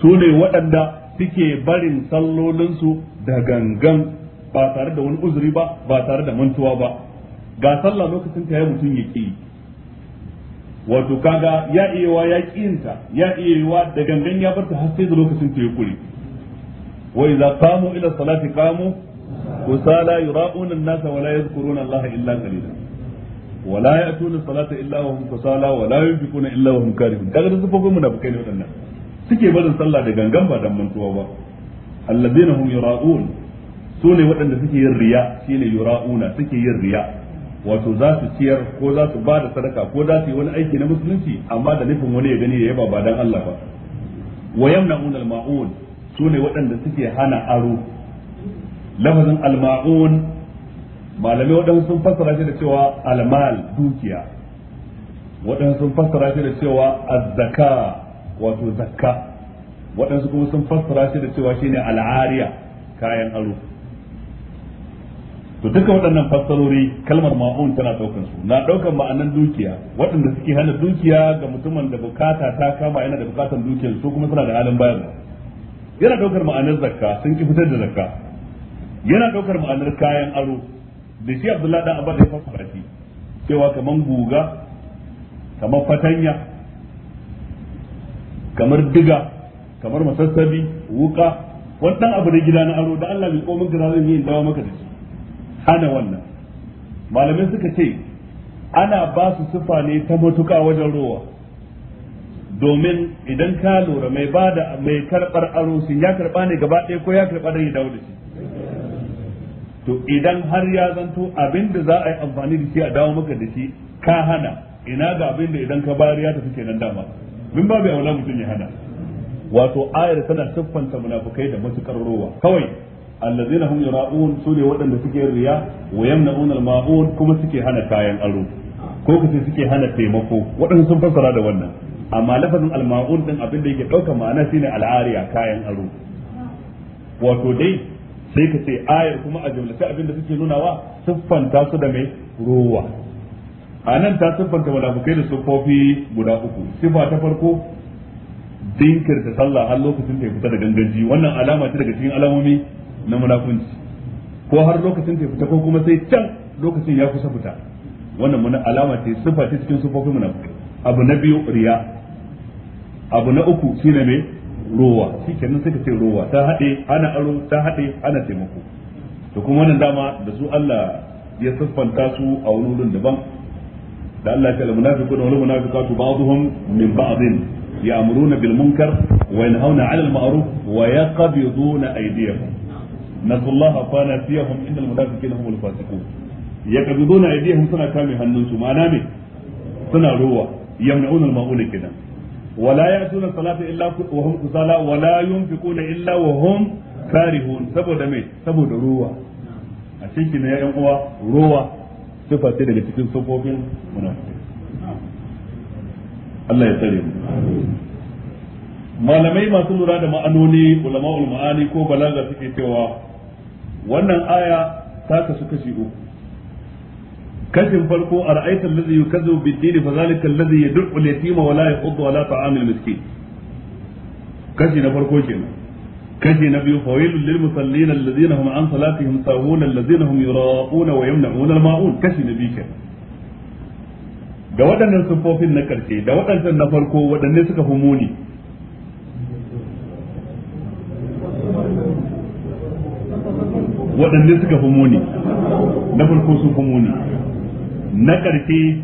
su ne waɗanda suke barin sallolinsu da gangan ba tare da wani uzuri ba ba tare da mantuwa ba ga sallah lokacin ta ya mutum ya ƙi wato kaga ya iya ya kiyinta ya iya da gangan ya barta har sai da lokacin ta ya kuri wa idza qamu ila salati qamu kusala يراؤون الناس nasa يذكرون الله yadhkuruna قليلا ولا qalila wa la وهم illa wa hum وهم wa la yunfiquna illa wa hum karihun kaga da sufofin munafikai ne wadannan suke barin sallah da gangan ba dan mantuwa ba alladhina hum yura'un su waɗanda suke riya shine yura'una suke yin riya wato za su ciyar ko za su ba da sadaka ko za su yi wani aiki na musulunci amma da nufin wani ya gani ya yaba ba dan Allah ba wa yamna'una al-ma'un sune waɗanda suke hana aro lafazin alma'un malamai waɗansu sun fassara shi da cewa almal dukiya waɗansu sun fassara shi da cewa azzaka wato zakka waɗansu kuma sun fassara shi da cewa shine al'ariya kayan aro to duka waɗannan fassarori kalmar ma'un tana ɗaukan su na ɗaukar ma'anan dukiya waɗanda suke hana dukiya ga mutumin da bukata ta kama yana da bukatan dukiyar su kuma suna da halin bayarwa yana ɗaukar ma'anar zakka sun ki fitar da zakka yana daukar ma'anar kayan aro da shi abdullahi dan abba da ya fassara shi cewa kamar guga kamar fatanya kamar diga kamar masassabi wuka wannan abu da gida na aro da Allah bai komin ka zai yi dawo maka da shi hana wannan Malamin suka ce ana ba su sufa ne ta matuka wajen rowa domin idan ka lura mai ba da mai karbar aro sun ya karba ne gaba ɗaya ko ya karba da ya dawo da shi to idan har ya zanto abin da za a yi amfani da shi a dawo maka da shi ka hana ina ga abin da idan ka bayar ya tafi kenan dama min babu aula mutum ya hana wato ayar tana siffanta munafukai da matukar rowa kawai allazina hum yura'un sune waɗanda suke riya wa yamna'un al kuma suke hana kayan aro ko kace suke hana taimako waɗanda sun fassara da wannan amma lafazin al-ma'un din abin da yake ɗauka ma'ana shine al-ariya kayan aro wato dai sai ka ce ayar kuma a jumlace abinda suke wa siffanta su da mai ruwa a nan ta siffanta munafukai da sufofi guda uku sifa ta farko dinkirta sallah har lokacin da ya fita da ganganci wannan alama ce daga cikin alamomi na munafunci ko har lokacin da ya fita ko kuma sai can lokacin ya kusa fita wannan muna alama ce siffa ce cikin sufofi munafukai abu na biyu riya abu na uku shine mai rowa shikenan sai ka ce rowa ta haɗe ana aro ta haɗe ana taimako to kuma wannan dama da su Allah ya siffanta su a wani wurin daban da Allah ya ce munafiquna wal munafiqatu ba'dhum min ba'dhin ya'muruna bil munkar wa yanhauna 'anil ma'ruf wa yaqbiduna aydiyahum nasallaha fa nasiyahum innal munafiqina humul fasiqun yaqbiduna aydiyahum suna kame hannunsu ma'ana me suna rowa yamna'una al-ma'una kenan wala yatuna salata illa wa hum kusala wala yunfiquna illa wa hum karihun saboda me saboda ruwa a cikin ne yan uwa ruwa sifa daga cikin sufofin munafiki Allah ya tsare mu malamai masu lura da ma'anoni ulama'ul ma'ani ko balaga suke cewa wannan aya ta kasu kashi uku kashin farko ara'aita allazi yukazzibu bid-din fa zalika allazi yad'u al-yatima wa la yahuddu ala ta'amil miskin kashi na farko kenan kashi na biyu fawailul lil musallin allazina hum an salatihim sahun allazina maun kashi na biyu da waɗannan sufofin na karshe da waɗannan na farko waɗanne suka fi muni waɗanne suka fi muni na farko sun fi muni na ƙarfi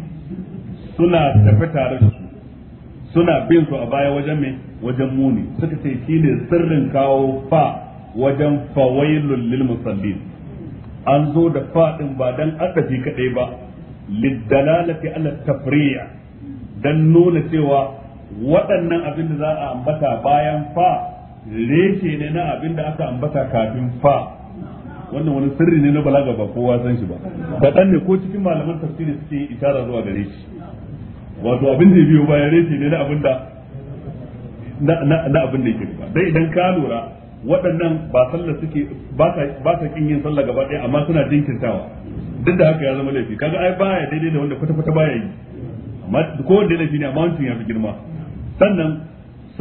suna tafi tare da su suna bin su a baya wajen mai wajen muni suka ce shi ne sirrin kawo fa wajen fawailun lil musallin an zo da fa ɗin ba dan adafi kaɗai ba fi ala tafriya dan nuna cewa waɗannan abin da za a ambata bayan fa reshe ne na abin da aka ambata kafin fa wannan wani sirri ne na balaga ba kowa san shi ba kaɗan ne ko cikin malaman tafsiri suke isara zuwa gare shi wato abin da ya biyo bayan reshe ne na abin da na abin da yake ba dai idan ka lura waɗannan ba sallar suke ba ta kin yin sallah gaba ɗaya amma suna jinkintawa duk da haka ya zama laifi kaga ai baya daidai da wanda kwata kwata baya yi amma ko wanda laifi ne amma wancan ya fi girma sannan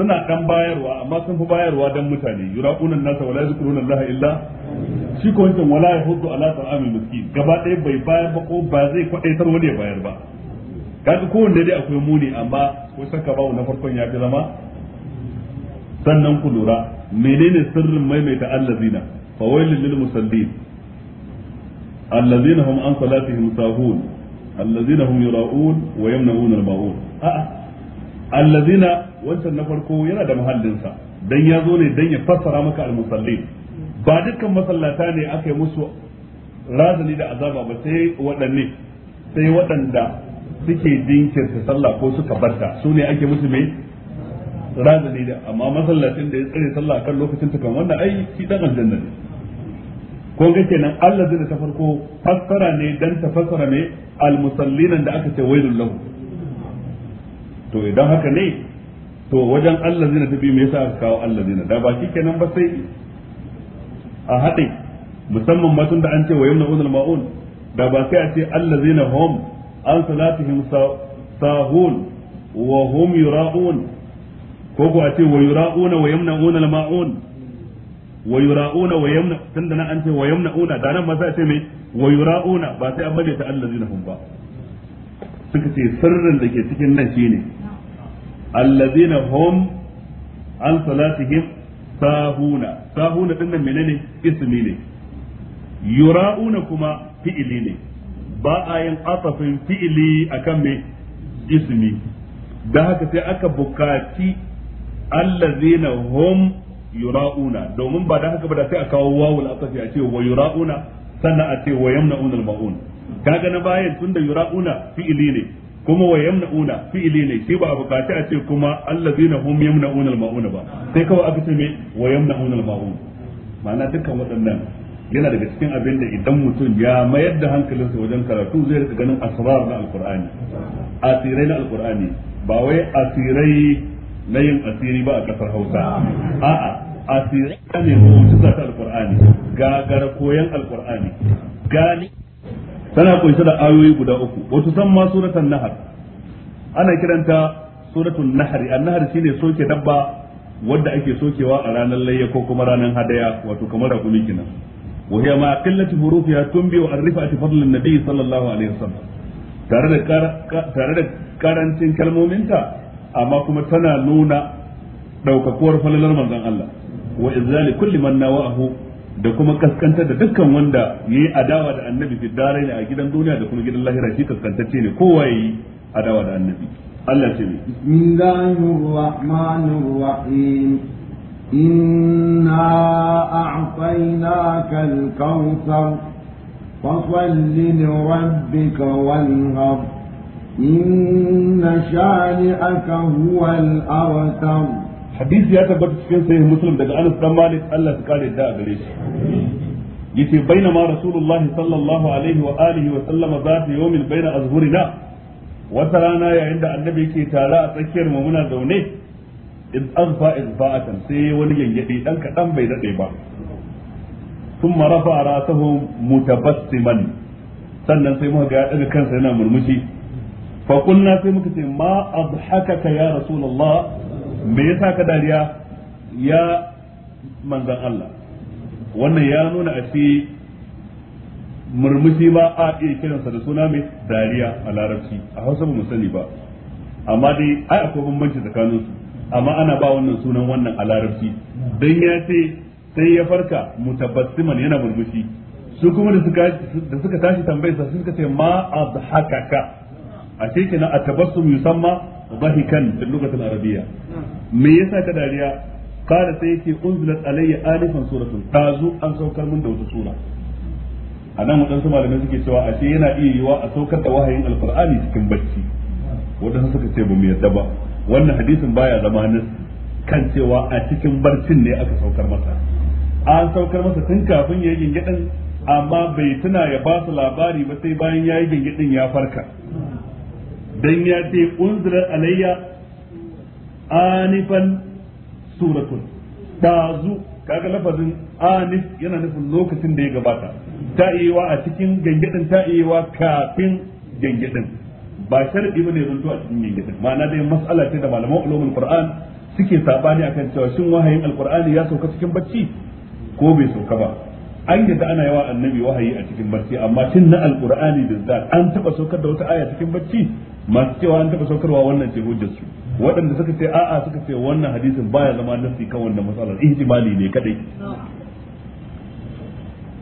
suna dan bayarwa amma sun fi bayarwa dan mutane yuraquna an-nasa wala yadhkuruna Allah illa shi ko wancan wala yahuddu ala ta'amil miskin gaba ɗaya bai bayar ba ko ba zai kwadaitar wani ya bayar ba kaga kowanne dai akwai muni amma ko shakka bawo na farkon ya fi zama sannan ku lura menene sirrin maimaita allazina fawailul lil musallin allazina hum an salatihim sahun allazina hum yura'un wa yamna'un al-ba'un a'a allazina wancan na farko yana da mahallinsa dan ya zo ne dan ya fassara maka al-musalli ba dukkan masallata ne aka yi musu razani da azaba ba sai waɗanne sai waɗanda suke jinkirta sallah ko suka barta su ne ake musu mai razani da amma masallacin da ya tsare sallah kan lokacin ta kan wannan ai shi dan aljanna ne ko ga kenan allazina ta farko fassara ne dan ta fassara ne al-musallina da aka ce wailul lahu to idan haka ne to wajen Allah zina ta biyu me yasa aka kawo Allah zina da ba shi kenan ba sai a haɗe musamman ma da an ce wa yamna uzul ma'un da ba sai a ce Allah zina hum an salatihim sahun wa hum yura'un ko ko a ce wa yura'una wa yamna'una al-ma'un wa yura'una wa yamna tunda nan an ce wa yamna'una da nan ba sai a ce me wa yura'una ba sai an bade ta Allah zina hum ba suka ce sirrin da ke cikin nan shine allazina hum an salatihim sahuna sahuna din nan menene ismi ne yura'una kuma fi'ili ne ba a yin asafin fi'ili akan me ismi da haka sai aka bukaci allazina hum yura'una domin ba da haka ba da sai a kawo wawul asafi a ce wa yura'una sannan a ce wa yamna'una al-ma'un kaga na bayan tunda yura'una fi'ili ne kuma wa yamnauna fi'ili ne shi ba a bukaci a ce kuma allazina hum yamnauna al-ma'una ba sai kawai aka ce me wa yamnauna al ma'ana dukkan waɗannan yana daga cikin abin da idan mutum ya mayar da hankalinsa wajen karatu zai rika ganin asrar na alqur'ani asirai na alqur'ani ba wai asirai na yin asiri ba a kasar Hausa a'a asirai ne mu'jiza ta alqur'ani ga gara koyan alqur'ani gani tana kunshe da ayoyi guda uku wato san ma suratul nahar ana kiranta suratul nahar an-nahar shine soke dabba wadda ake sokewa a ranar layya ko kuma ranar hadaya wato kamar da kuma kina wa hiya ma qillati hurufiha tumbi wa arifati fadlin nabiy sallallahu alaihi wasallam tare da tare da karancin kalmominta amma kuma tana nuna daukakuwar falalar manzon Allah wa izali kulli man nawahu da kuma kaskantar da dukkan wanda yayi adawa da annabi fi darai a gidan duniya da kuma gidan lahira shi kaskantacce ne kowa yayi adawa da annabi Allah ce bismillahir rahmanir rahim inna a'tainaka al-kawthar فصل لربك وانهر aka شانئك هو الأبتر hadisi ya tabbata cikin sahih muslim daga Anas dan Malik Allah ya kare da a gare shi yace ma rasulullahi sallallahu alaihi wa alihi wa sallama zata yawmin baina azhurina wata rana yayin da annabi yake tare a tsakiyar mu muna zaune in azfa izfa'atan sai wani yayyade dan kadan bai dade ba thumma rafa ra'sahu mutabassiman sannan sai muka ga ya daga kansa yana murmushi fa kunna sai muka ce ma adhakaka ya rasulullah me yasa ka dariya ya manzan Allah wannan ya nuna a ce murmushi ba a iya kiransa da suna mai dariya a larabci a hausa ba mu sani ba amma dai ai akwai bambanci tsakanin su amma ana ba wannan sunan wannan a larabci dan ya ce sai ya farka mutabassiman yana murmushi su kuma da suka tashi tambayar sa suka ce ma azhakaka a ce a tabassum yusamma dhahikan bil lughati al arabiyya me yasa ta dariya kada sai yake unzilat alayya alifan suratun tazu an saukar mun da wata sura a nan waɗansu malamai suke cewa ashe yana iya yiwa a saukar da wahayin alkur'ani cikin bacci waɗansu suka ce ba mu yarda ba wannan hadisin baya zama nas kan cewa a cikin barcin ne aka saukar masa an saukar masa tun kafin ya yi gingiɗin amma bai tuna ya ba su labari ba sai bayan ya yi gingiɗin ya farka dan ya ce unzilar alayya anifan suratun dazu kaga lafazin anif yana nufin lokacin da ya gabata ta iyawa a cikin gangedin ta iyawa kafin gangedin ba sharadi bane zanto a cikin gangedin ma'ana dai mas'ala ce da malaman ulumul qur'an suke sabani akan cewa shin wahayin alqur'ani ya sauka cikin bacci ko bai sauka ba an yadda ana yawa annabi wahayi a cikin barci amma tun na alqur'ani bizzat an taba saukar da wata aya cikin barci masu cewa an taba saukarwa wannan ce hujjar su waɗanda suka ce a'a suka ce wannan hadisin baya zama nasi kan wannan matsalar ihtimali ne kadai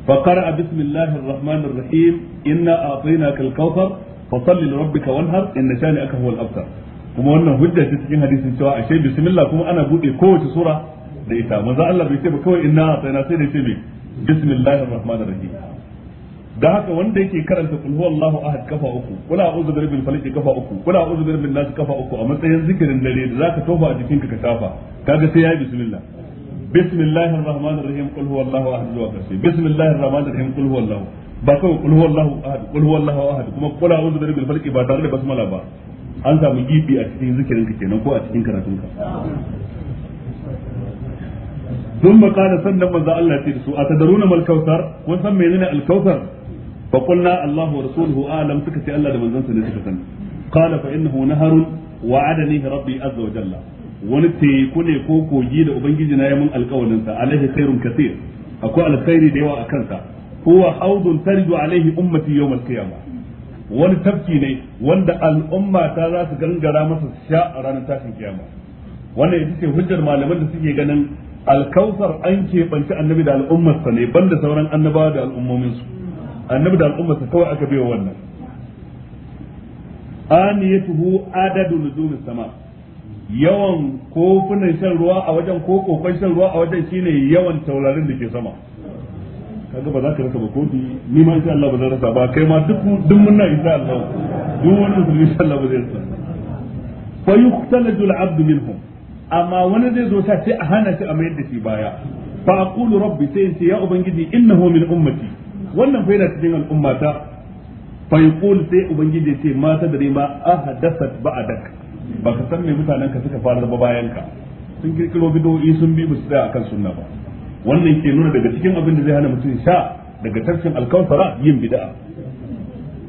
fa a bismillahir rahmanir rahim inna a'tainaka al-kawthar fa salli li rabbika wanhar inna shani'aka huwal abtar kuma wannan hujja ce cikin hadisin cewa ashe bismillah kuma ana bude kowace sura da ita manzo Allah bai ce ba kawai inna a'tainaka sai da ce me bismillahir rahmanir rahim da haka wanda yake karanta kul huwallahu ahad kafa uku kula a'udhu birabbil falaq kafa uku kula a'udhu birabbin nas kafa uku a matsayin zikirin dare da zaka tofa a jikinka ka tafa. kaga sai yayi bismillah bismillahir rahmanir rahim kul huwallahu ahad zuwa karshe bismillahir rahmanir rahim kul huwallahu ba kawai kul huwallahu ahad kul huwallahu ahad kuma kula a'udhu birabbil falaq ba tare da basmala ba an samu gibi a cikin zikirin ka kenan ko a cikin karatun ka ثم قال سنة من ذا الله ترسو أتدرون ما الكوثر وسمي لنا الكوثر fa qulna Allahu wa rasuluhu a'lam suka ce Allah da manzansa ne suka sani qala fa innahu naharun wa'adani rabbi azza wa jalla wani teku ne ko kogi da ubangiji na ya mun alƙawarin sa alaihi khairun kaseer akwai alkhairi da yawa a kansa huwa haudun tarju alaihi ummati yawm al-qiyamah wani tafki ne wanda al'umma ta za su gangara masa sha a ranar tashin kiyama wannan ita ce hujjar malaman da suke ganin alkausar an ke keɓanci annabi da al'ummarsa ne banda sauran annabawa da al'ummomin su. annabi da al'ummarsa kawai aka biyo wannan aniyatuhu adadu nuzul sama yawan kofunan shan ruwa a wajen ko kokon shan ruwa a wajen shine yawan taurarin da ke sama kaga ba za ka rasa ba kofi ni ma insha Allah ba zan rasa ba kai ma duk duk mun na insha Allah duk wani musulmi insha Allah ba zai rasa fa yuqtalaju al-abd minhum amma wani zai zo ta ce a hana shi a mayar da shi baya fa aqulu rabbi sai ya ubangiji innahu min ummati wannan fa yana cikin al'ummata fa yaqul sai ubangiji ce ma dare ma ahdathat ba'adak ba ka san me mutanen ka suka fara ba bayan ka sun kirkiro bid'o'i sun bi musu da akan sunna ba wannan ke nuna daga cikin abin da zai hana mutum sha daga tafkin alkawfara yin bid'a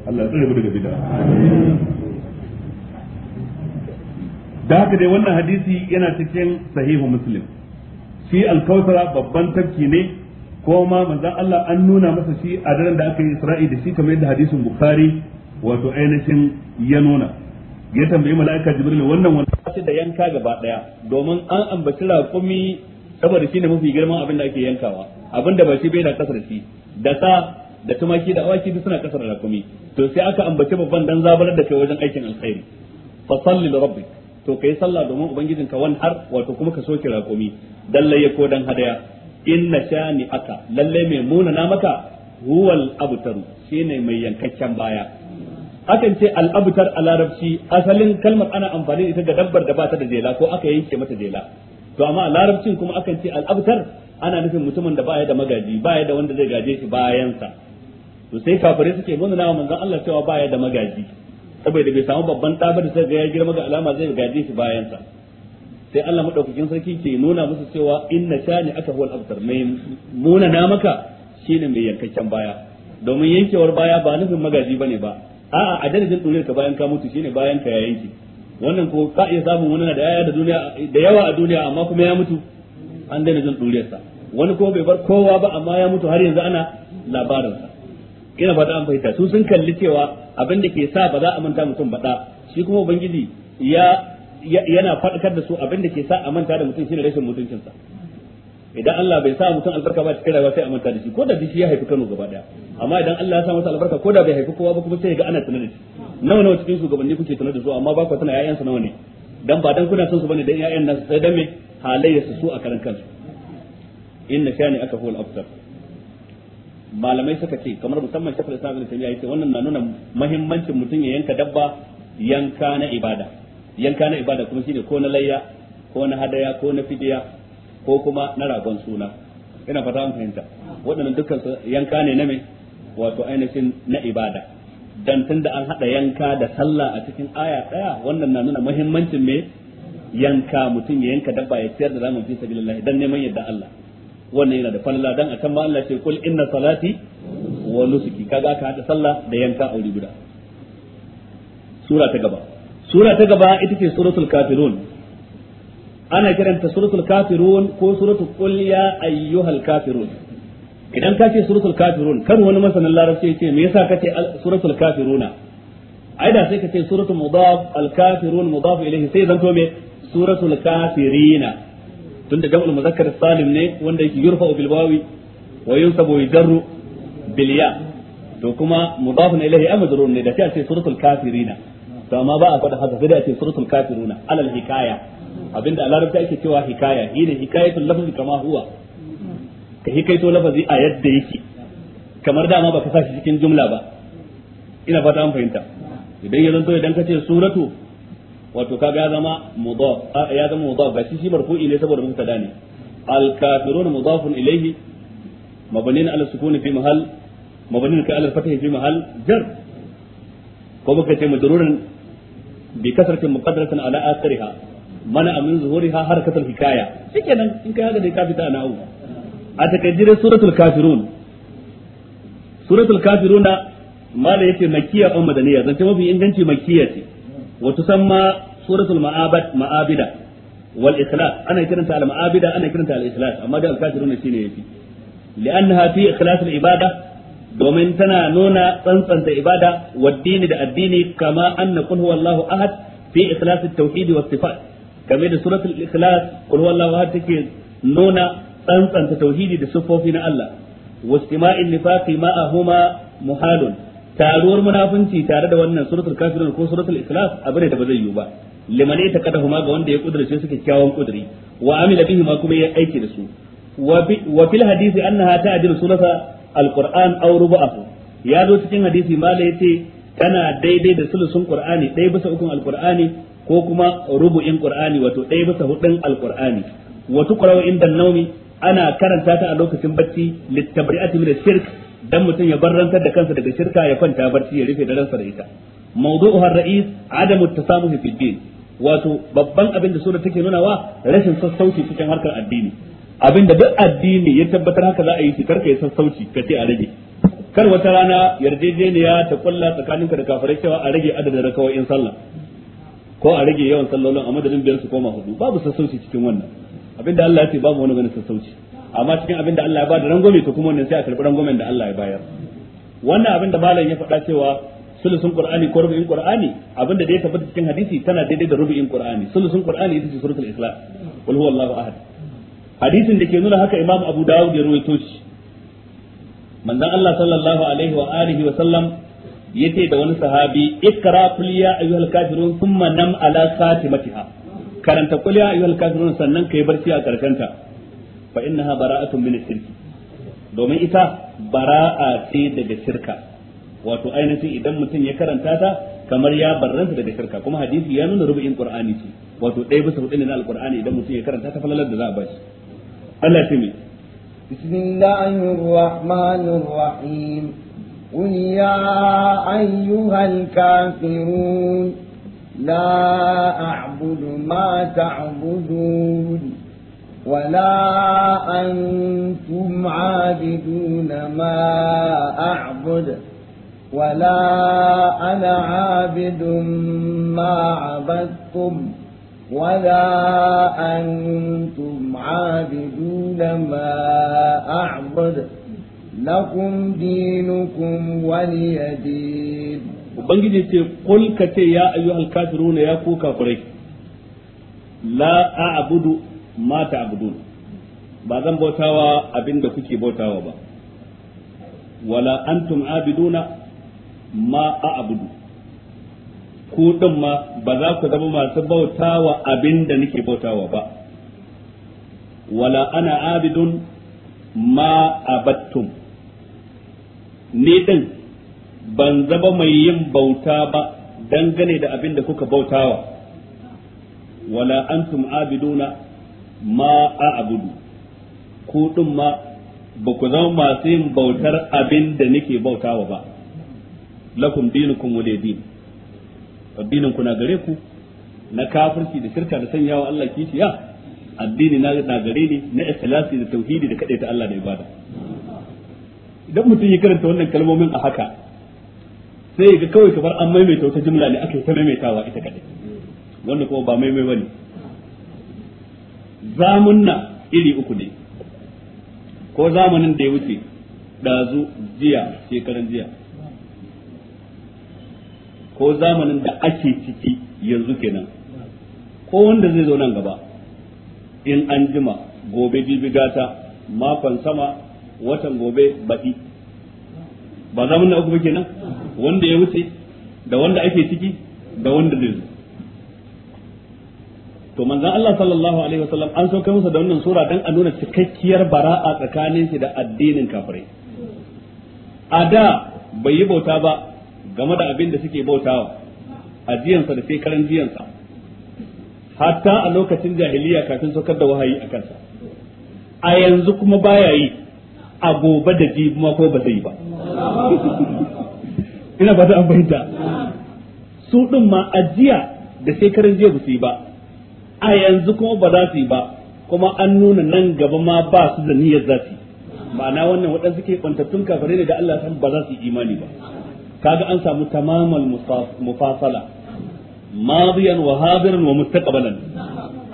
Allah ya tsare mu daga bid'a da haka dai wannan hadisi yana cikin sahihu muslim shi alkawfara babban tafki ne ko ma manzon Allah an nuna masa shi a daren da aka yi Isra'i da shi kamar yadda hadisin Bukhari wato ainihin ya nuna ya tambayi mala'ika Jibril wannan wannan da yanka gaba daya domin an ambaci raƙumi saboda shine mafi girman abin da ake yankawa abin da ba shi bai na kasar shi da sa da tumaki da awaki duk suna kasar raƙumi to sai aka ambaci babban dan zabarar da kai wajen aikin alkhairi fa salli li rabbik to kai sallah domin ubangijinka wan har wato kuma ka soke raƙumi dan layyako ko dan hadaya inna shani aka lalle mai muna na maka huwal shi ne mai yankakken baya akan ce al abtar a larabci asalin kalmar ana amfani ita ga dabbar da bata da jela ko aka yanke mata jela to amma a larabcin kuma akan ce al abtar ana nufin mutumin da baya da magaji baya da wanda zai gaje shi bayansa to sai kafirai suke muna wa manzon Allah cewa baya da magaji saboda bai samu babban tabar da sai ga ya girma ga alama zai gaje shi bayansa sai Allah madaukakin sarki ke nuna musu cewa inna shani aka huwal abtar mai muna na maka shine mai yankakken baya domin yankewar baya ba nufin magaji bane ba a'a a dalilin dole ka bayan ka mutu shine bayan ka ya yanke wannan ko ka iya samun wani da yaya da duniya da yawa a duniya amma kuma ya mutu an daina jin sa. wani kuma bai bar kowa ba amma ya mutu har yanzu ana sa ina fata an fahimta su sun kalli cewa abin da ke sa ba za a manta mutum ba da shi kuma ubangiji ya yana faɗakar da su abin da ke sa a manta da mutum shine rashin mutuncinsa idan Allah bai sa mutum albarka ba cikin rayuwa sai a manta da shi ko da shi ya haifi Kano gaba daya amma idan Allah ya sa masa albarka ko da bai haifi kowa ba kuma sai ga ana tunani nawa nawa cikin shugabanni kuke tunani da su amma ba ku tana ƴaƴansa nawa ne dan ba dan kuna son su bane dan ƴaƴan nan sai dan me halayya su su a karan kansu inna shani aka huwal abtar malamai suka ce kamar musamman da islam da ta yi wannan na nuna muhimmancin mutum ya yanka dabba yanka na ibada yanka na ibada kuma shine ko na layya ko na hadaya ko na fidiya ko kuma na ragon suna ina fata an fahimta waɗannan dukkan su yanka ne na me wato ainihin na ibada dan tunda an hada yanka da sallah a cikin aya daya wannan na nuna muhimmancin me yanka mutum ya yanka dabba ya ciyar da zamu fi sabilillah dan neman yadda Allah wannan yana da falala dan akan ma Allah ce kul inna salati wa nusuki kaga ka hada sallah da yanka aure guda sura ta gaba sura ta gaba ita ce suratul kafirun ana kiranta suratul kafirun ko suratul qul ya ayyuhal kafirun idan ka ce suratul kafirun kan wani masanin larabci ya ce me yasa ka ce suratul kafiruna ai da sai ka ce suratul mudaf al kafirun mudaf ilayhi sai zanto me suratul kafirina tunda jam'ul muzakkar salim ne wanda yake yurfa bil wawi wa yunsabu yajru bil ya to kuma mudafun ilayhi amdurun ne da sai a ce suratul kafirina to amma ba a faɗa haka sai da ake suratul kafiruna alal hikaya abinda a larabci ake cewa hikaya shi ne hikayatul lafzi kama huwa ka hikaito lafazi a yadda yake kamar dama ba ka sa shi cikin jumla ba ina fata an fahimta idan ya zanto idan ka ce suratu wato kaga ya zama mudaf ya zama mudaf ba shi shi marfu'i ne saboda mun mubtada ne al kafirun mudafun ilayhi mabnin ala sukuni fi mahal mabnin ka ala fathi fi mahal jar ko baka ce majrurun bi kasratin muqaddaratin ala akhiriha mana amin zuhuriha harakatul hikaya shikenan in kai haka dai ka fita na'u a takajjirin suratul kafirun suratul kafirun mala yace makkiya ko madaniya zance mafi inganci makkiya ce wa tusamma suratul ma'abida wal ana kiranta al ma'abida ana kiranta al ikhlas amma da al kafirun shine yafi li'annaha fi ibada domin tana nuna tsantsanta ibada wa dini da addini kama anna qul huwallahu ahad fi ikhlas at-tauhid wa sifat kamar da suratul ikhlas qul huwallahu ahad take nuna tsantsanta tauhidi da sifofi na Allah wa istima'in nifaqi ma'ahuma muhalun taruwar munafunci tare da wannan suratul kafirun ko suratul ikhlas abin da ba zai yiwu ba liman itaqadahuma ga wanda ya kudurce su kyakkyawan kuduri wa amila ma kuma ya aiki da su wa fil hadisi annaha ta'dilu sulasa alquran aw rubu'ahu ya zo cikin hadisi mala yace kana daidai da sulusun qur'ani ɗaya bisa ukun alqur'ani ko kuma rubu'in qur'ani wato ɗaya bisa hudun alqur'ani wa tuqra'u inda naumi ana karanta ta a lokacin bacci littabri'ati min shirk dan mutum ya bar rantar da kansa daga shirka ya kwanta barci ya rufe da ransa da ita mawdu'uha ar-ra'is adamu at-tasamuhi fi din wato babban abin da sura take nuna wa rashin sassauci cikin harkar addini abinda duk addini ya tabbatar haka za a yi shi karka ya sassauci ka ce a rage kar wata rana yarjejeniya ta kulla tsakaninka da kafirai cewa a rage adadin rakawoyin sallah ko a rage yawan sallolin a madadin biyar su koma hudu babu sassauci cikin wannan abinda Allah ya ce babu wani ganin sassauci amma cikin abinda Allah ya bada rangwame to kuma wannan sai a karbi rangwamen da Allah ya bayar wannan abinda malam ya faɗa cewa sulusun qur'ani ko rubu'in qur'ani abinda da ya tabbata cikin hadisi tana daidai da rubu'in qur'ani sulusun qur'ani ita ce suratul isra qul huwallahu ahad hadisin da ke nuna haka imam abu dawud ya ruwaito shi manzon Allah sallallahu alaihi wa alihi wa sallam yace da wani sahabi ikra qul ya ayyuhal kafirun thumma nam ala khatimatiha karanta qul ayyuhal kafirun sannan kai barci a karshen ta fa innaha bara'atun min shirk domin ita bara'a ce daga shirka wato ainihin idan mutum ya karanta ta kamar ya barranta daga shirka kuma hadisi ya nuna rubu'in qur'ani ce wato ɗaya bisa hudu ne na alqur'ani idan mutum ya karanta ta falalar da za a bashi Allah ta mi Bismillahir Rahmanir Rahim قل يا أيها الكافرون لا أعبد ما تعبدون ولا أنتم عابدون ما أعبد ولا أنا عابد ما عبدتم ولا أنتم عابدون ما أعبد لكم دينكم ولي دين Ubangiji ce, Kul ka ce, Ya ayyuhal kafiruna ya ku kafirai, la a abudu ma ta abudun, ba zan bautawa abinda kuke bautawa ba, wala antum abiduna ma a abudu, ku din ma ba za ku zama masu bautawa abin da nake bautawa ba wala ana abidun ma abattum ni din ban zama mai yin bauta ba dangane da abin da kuka bautawa wala antum abiduna ma a'budu ku din ma ba ku zama masu yin bautar abin da nake bautawa ba lakum dinukum waliyadin addinin ku na gare ku na kafirci da shirka da sanyawa Allah kishiya addini na na gare ni na ikhlasi da tauhidi da kadaita Allah da ibada idan mutum ya karanta wannan kalmomin a haka sai ga kawai kamar an maimaita wata jumla ne aka yi ta maimaitawa ita kadai wanda kuma ba maimai bane zamunna iri uku ne ko zamanin da ya wuce dazu jiya shekaran jiya ko zamanin da ake ciki yanzu kenan ko wanda zai zo nan gaba in an jima gobe jibi gata makon sama watan gobe baɗi ba zamanin da uku ba kenan wanda ya wuce da wanda ake ciki da wanda zai zo to manzon Allah sallallahu alaihi wasallam an sauka masa da wannan sura dan a nuna cikakkiyar bara'a tsakanin shi da addinin kafirai a da bai yi bauta ba game da abin da suke bautawa ajiyansa da shekaran jiyansa hatta a lokacin jahiliya kafin saukar da wahayi a kansa a yanzu kuma baya yi a gobe da ji kuma ko ba zai yi ba ina ba ta an fahimta su din ma ajiya da shekaran jiya su yi ba a yanzu kuma ba za su yi ba kuma an nuna nan gaba ma ba su da niyyar zafi ma'ana wannan waɗansu ke kwantattun kafare ne da Allah san ba za su yi imani ba kaga an samu tamamal mufasala madiyan wa hadiran wa mustaqbalan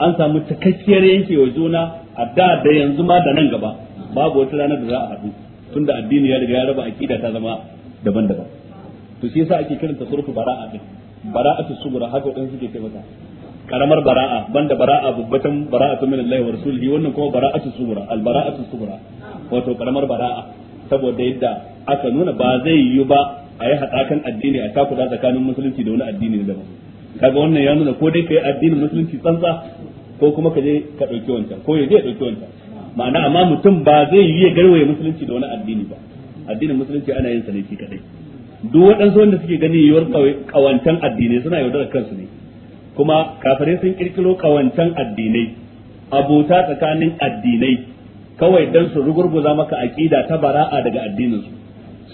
an samu cikakkiyar yankewa juna a da da yanzu ma da nan gaba babu wata ranar da za a haɗu tunda addini ya riga ya raba aqida ta zama daban-daban to shi yasa ake kiranta surfu bara'a din bara'atu sugura haka wadansu suke ce mata karamar bara'a banda bara'a babbatan bara'atu min Allah wa rasulihi wannan kuma bara'atu sugura al bara'atu sugura wato karamar bara'a saboda yadda aka nuna ba zai yi ba a yi haɗakan addini a takuda tsakanin musulunci da wani addini da kaga wannan ya nuna ko dai ka yi addinin musulunci tsantsa ko kuma ka je ka ɗauki wancan ko ya je ya ɗauki wancan ma'ana amma mutum ba zai yi ya garwaye musulunci da wani addini ba addinin musulunci ana yin sa ne shi kadai duk waɗansu wanda suke gani yiwuwar kawancan addinai suna yaudarar kansu ne kuma kafare sun kirkiro kawancan addinai abota tsakanin addinai kawai dan su rugurguza maka aƙida ta bara'a daga addinin su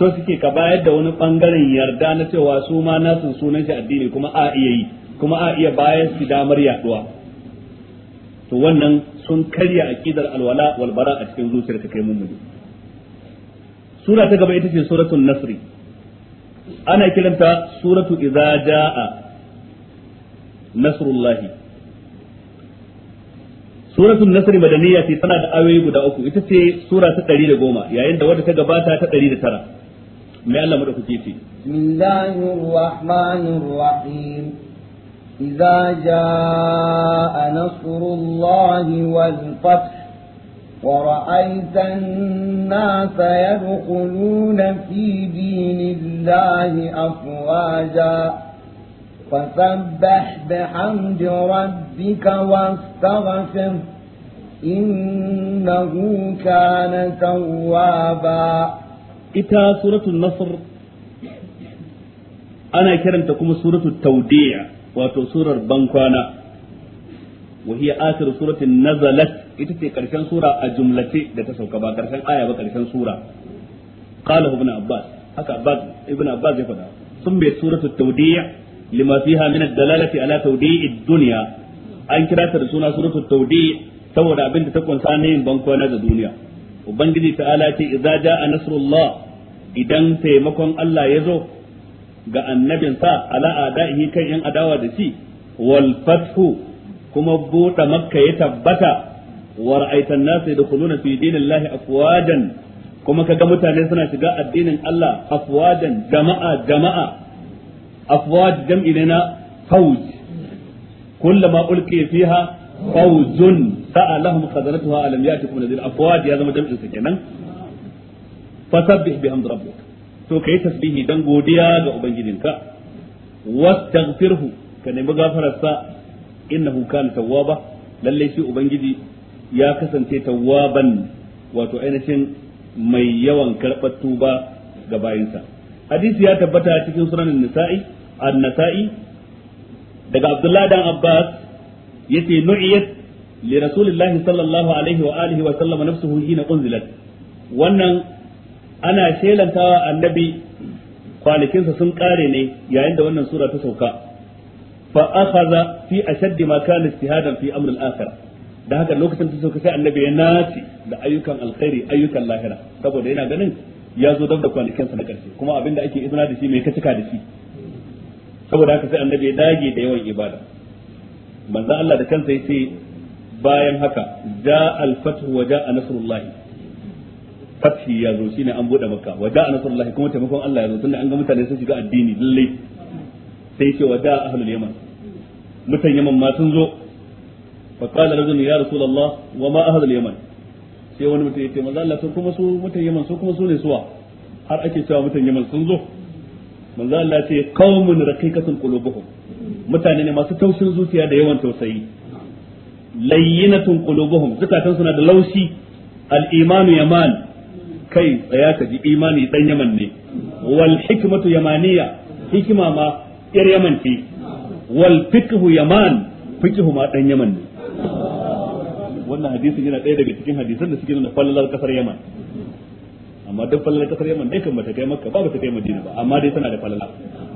so suke ka bayar da wani bangaren yarda na cewa su ma nasu sunan shi addini kuma a iya yi kuma a iya bayar su damar yaduwa to wannan sun karya aqidar alwala wal bara a cikin zuciyar ka kai mummuni sura ta gaba ita ce suratul nasri ana kiranta suratu idza jaa nasrullahi suratul nasri madaniyya ce tana da ayoyi guda uku ita ce sura ta 110 yayin da wadda ta gabata ta 109 me Allah madaukake ce bismillahir rahmanir rahim idza jaa nasrullahi wal fath ورأيت الناس يدخلون في دين الله أفواجا فسبح بحمد ربك واستغفر إنه كان توابا ita suratul nasr ana kiranta kuma suratul tawdi'a wato surar bankwana wa hiya akhir suratin nazalat ita ce karshen sura a jumlace da ta sauka ba karshen aya ba karshen sura qala ibn abbas haka abbas ibn abbas ya faɗa sun bai suratul tawdi'a lima fiha min ad-dalalati ala tawdi'i ad-dunya an kira ta da suna suratul tawdi' saboda abinda ta kunsa ne bankwana da duniya ubangiji ta'ala ce idza jaa nasrullah idan taimakon Allah ya zo ga sa, ala adaihi kan yan adawa da shi wal fathu kuma buɗe makka ya tabbata wa ra'aita ku nas yadkhuluna fi dinillahi afwajan kuma kaga mutane suna shiga addinin Allah afwajan jama'a jama'a afwaj jam'i na fawj kullama ulqiya fiha fawzun sa'a lahum khazanatuha alam yatikum nadir afwad ya zama jam'in sa kenan fasabbih bihamdi rabbik to kai tasbihi dan godiya ga ubangijinka wastaghfirhu ka nemi gafararsa innahu kana tawwaba lalle shi ubangiji ya kasance tawwaban wato ainihin mai yawan karɓar tuba ga bayinsa hadisi ya tabbata cikin sunanin nisa'i an Nisa'i daga abdullahi dan abbas yace nu'iyat li rasulillahi sallallahu alaihi wa alihi wa sallama nafsuhu hina unzilat wannan ana shelantawa annabi kwanakinsa sun kare ne yayin da wannan sura ta sauka fa a fi ashadd ma kana istihadan fi amr al-akhir da haka lokacin da sauka annabi ya nace da ayyukan alkhairi ayyukan lahira saboda yana ganin ya zo dab da kwanakinsa na karshe kuma abinda ake izina da shi mai ka cika da shi saboda haka sai annabi ya dage da yawan ibada manzo Allah da kansa ya ce. bayan haka ja al-fath wa ja nasrullahi fathi ya zo shine an bude makka wa ja nasrullahi kuma taimakon Allah ya zo tunda an ga mutane sun shiga addini lalle sai ce wa ja ahlul yaman mutan yaman ma sun zo fa qala rajul ya rasulullah wa ma ahlul yaman sai wani mutum ya ce manzo Allah sun kuma su mutan yaman su kuma su ne suwa har ake cewa mutan yaman sun zo manzo Allah ce qaumun raqiqatul qulubuhum mutane ne masu taushin zuciya da yawan tausayi layyinatun qulubuhum zukatan suna da laushi al-imanu yaman kai tsaya ka ji imani dan yaman ne wal hikmatu yamaniya hikima ma yar yaman ce wal fiqhu yaman fiqhu ma dan yaman ne wannan hadisin yana ɗaya daga cikin hadisan da suke nuna fallalar kasar yaman amma duk fallalar kasar yaman dai kan bata kai makka ba bata kai madina ba amma dai tana da fallala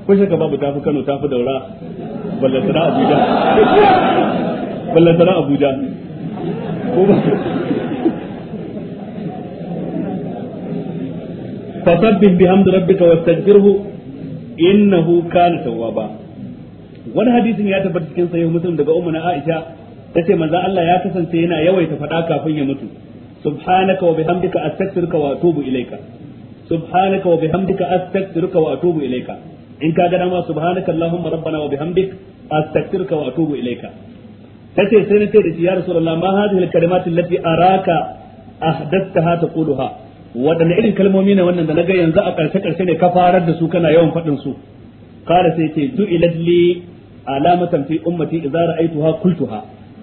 ko ka babu tafi kano tafi daura ballantana abuja ballantana abuja fasabbih bihamdi rabbika wastaghfirhu innahu kana tawwaba wani hadisin ya tabbata cikin sahih muslim daga ummu na aisha tace manzo Allah ya kasance yana yawaita faɗa kafin ya mutu subhanaka wa bihamdika astaghfiruka wa atubu ilaika subhanaka wa bihamdika astaghfiruka wa atubu ilaika in ka ga dama subhanaka allahumma rabbana wa bihamdik astaghfiruka wa atubu ilaika nace sai nace da shi ya rasulullah ma hadhihi alkalimat allati araka ahdathaha taquluha wadanne irin kalmomi ne wannan da naga yanzu a karshe karshe ne ka farar da su kana yawan fadin su kala sai ce du'ilat li alamatan fi ummati idza ra'aytuha qultuha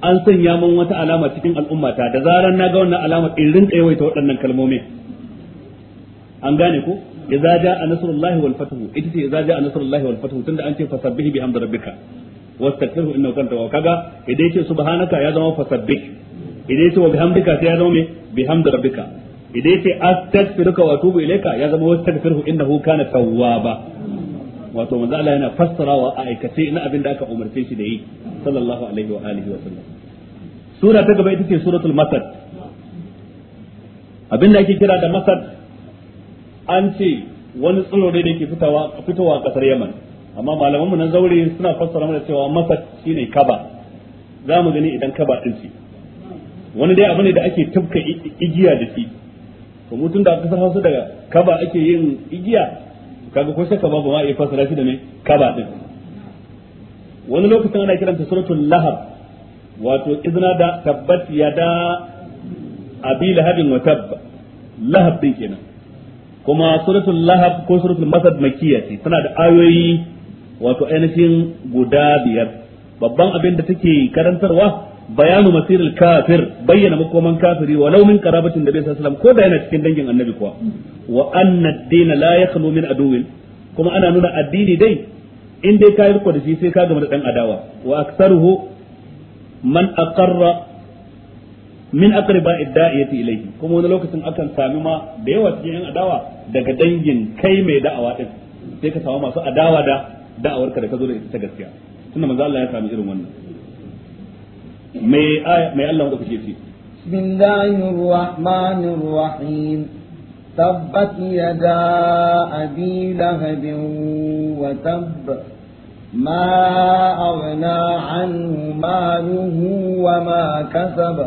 an sanya mun wata alama cikin al'ummata da zaran naga wannan alama in rinka yawaita waɗannan kalmomi. an gane ko idza jaa nasrullahi wal fathu ita ce idza jaa nasrullahi wal fathu tunda an ce bi bihamdi rabbika wastaghfiru innahu kana tawwab kaga idan yace subhanaka ya zama fasabbih idan yace wa bihamdika sai ya zama me bihamdi rabbika idan yace astaghfiruka wa atubu ilayka ya zama wastaghfiru innahu kana tawwaba wato manzo Allah yana fassarawa a aikace na abin da aka umarce shi da yi sallallahu alaihi wa alihi wa sallam sura ta gaba ita ce suratul masad abin da ake kira da masad an ce wani tsiro da ke fitowa a kasar Yaman amma malaman mu na zaure suna fassara mana cewa masar shine kaba za mu gani idan kaba din shi wani dai abu ne da ake tafka igiya da shi to mutun da aka hausa daga kaba ake yin igiya kaga ko kaba ba ma iya fassara shi da ne kaba din wani lokacin ana kiranta suratul lahab wato izna da tabbat yada abi lahabin wa tab lahab din kenan kuma suratul lahab ko suratul masad makkiya ce tana da ayoyi wato ainihin guda biyar babban abin da take karantarwa bayanu masiril kafir bayyana makoman kafiri wa launin qarabatin da bai alaihi ko da yana cikin dangin annabi kuwa wa anna ad-din la yakhlu min aduwin kuma ana nuna addini dai in dai ka riko da shi sai ka gama da dan adawa wa aktsaruhu man aqarra min aqriba idda'iyati ilayhi kuma wani lokacin akan sami ma da yawa cikin adawa daga dangin kai mai da'awa din sai ka samu masu adawa da da'awarka da ka zo da ita ta gaskiya tunda manzo Allah ya sami irin wannan mai mai Allah da kuke ce bismillahir rahmanir rahim tabbat yada abi lahab wa tabb ما أغنى عنه ماله وما كسب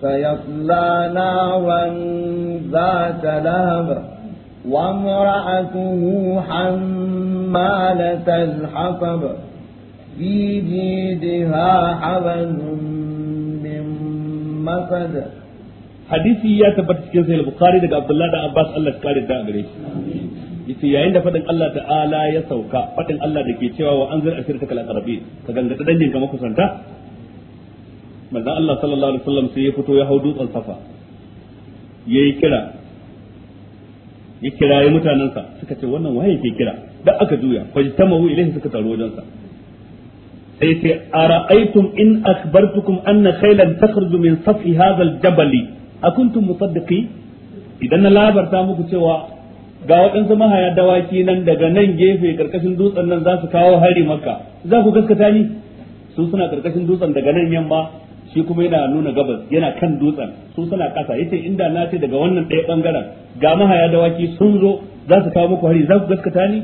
سيصلى نارا ذات لهب وامرأته حمالة الحطب في جيدها حبل من مسد hadisi ya tabbata cikin sahih bukhari daga abdullahi da abbas Allah ya da gare shi yace yayin da fadin Allah ta'ala ya sauka fadin Allah da ke cewa wa anzir ashirka kal aqrabi ka gangada dangin makusanta manzo Allah sallallahu alaihi sai ya fito ya hau dutsen safa yayi kira ya kirayi mutanensa suka ce wannan waye ke kira da aka juya fajtamahu ilayhi suka taru wajensa sai sai ara'aytum in akhbartukum anna khaylan takhruju min safi hadha al-jabal akuntum musaddiqi idan na labarta muku cewa ga waɗansu mahaya dawaki nan daga nan gefe karkashin dutsen nan za su kawo hari makka za ku gaskata ni su suna karkashin dutsen daga nan yamma shi kuma yana nuna gabas yana kan dutsen su suna ƙasa yace inda na ce daga wannan ɗaya bangaren ga mahaya dawaki sun zo za su kawo muku hari za ku gaskata ni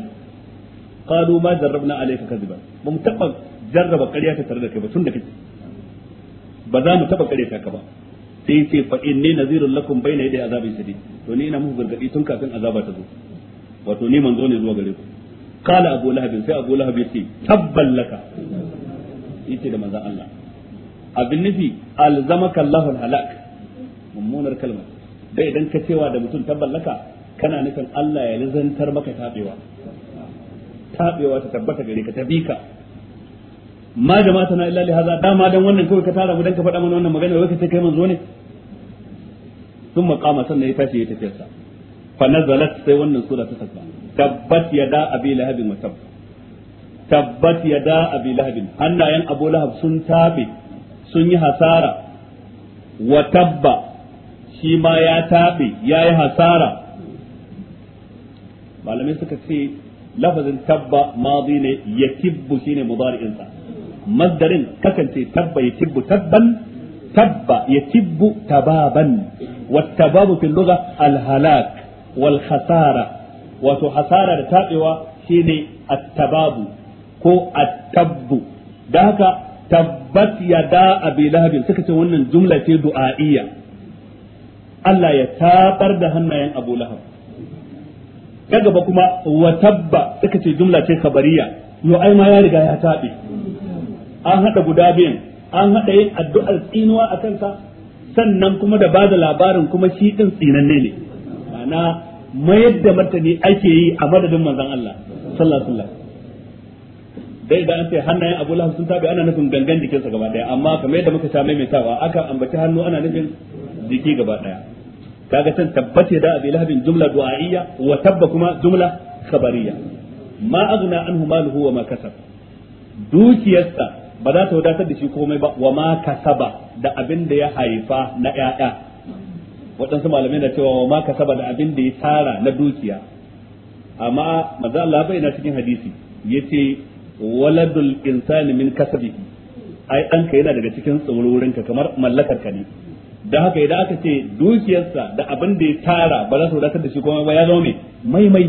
qalu ma jarrabna alayka kadiba ba taba jarraba ƙarya ta tare da kai ba tun da kake ba za mu taba ƙarya ka ba sai yace fa inni nazirul lakum bayna yaday azabi shadid to ni ina muku gargadi tun kafin azaba ta zo wato ni manzo ne zuwa gare ku qala abu lahab sai abu lahab yace tabballaka yace da manzon Allah abin nufi alzamaka Allahu halak mummunar kalma dai idan ka cewa da mutum ta tabballaka kana nufin Allah ya lizantar maka tabewa tabewa ta tabbata gare ka tabi ka ma jama'ata na illa li hada dama dan wannan kawai ka tara mu dan ka faɗa mana wannan magana wai ka kai manzo ne sun maqama sannan ya tashi ya tafi sa fa nazalat sai wannan sura ta saka tabbat yada abi lahabin wa tabbat yada abi lahabin hannayen abu lahab sun tabe sun yi hasara wa tabba shi ma ya taɓe ya yi hasara malamai suka ce lafazin tabba madi ne ya kibbu shi ne mubari'insa masdarin kasance tabba ya kibbu tabban tabba ya kibbu tababan wattababu fil lugha alhalak wal hasara wato hasara da taɓewa shine tababu ko tabbu da haka tabbat yada abi lahabin suka ce wannan jumla ce du'a'iyya Allah ya tabar da hannayen Abu Lahab ta gaba kuma wa tabba suka ce jumla ce khabariya yo ai ma ya riga ya tabe an hada guda biyan an hada yin addu'ar tsinuwa a kansa sannan kuma da bada labarin kuma shi din tsinanne ne ma'ana mayar da martani ake yi a madadin manzon Allah sallallahu alaihi dai idan an ce hannayen Abu Lahab sun tabe ana nufin gangan jikinsa gaba daya amma kamar yadda muka sha maimaitawa aka ambaci hannu ana nufin jiki gaba daya kaga can tabbace da Abi Lahabin jumla du'a'iyya wa tabba kuma jumla khabariyya ma aghna anhu maluhu wa ma kasab dukiyarsa ba za ta wadatar da shi komai ba wa ma kasaba da abin da ya haifa na ƴaƴa waɗansu malamai na cewa wa ma kasaba da abin da ya tara na dukiya amma maza Allah bai na cikin hadisi yace waladul insani min kasabi ai ka yana daga cikin tsawurwurinka kamar mallakar ka ne da haka idan aka ce dukiyarsa da abin da ya tara ba za ta wadatar da shi komai ba ya zama mai maimai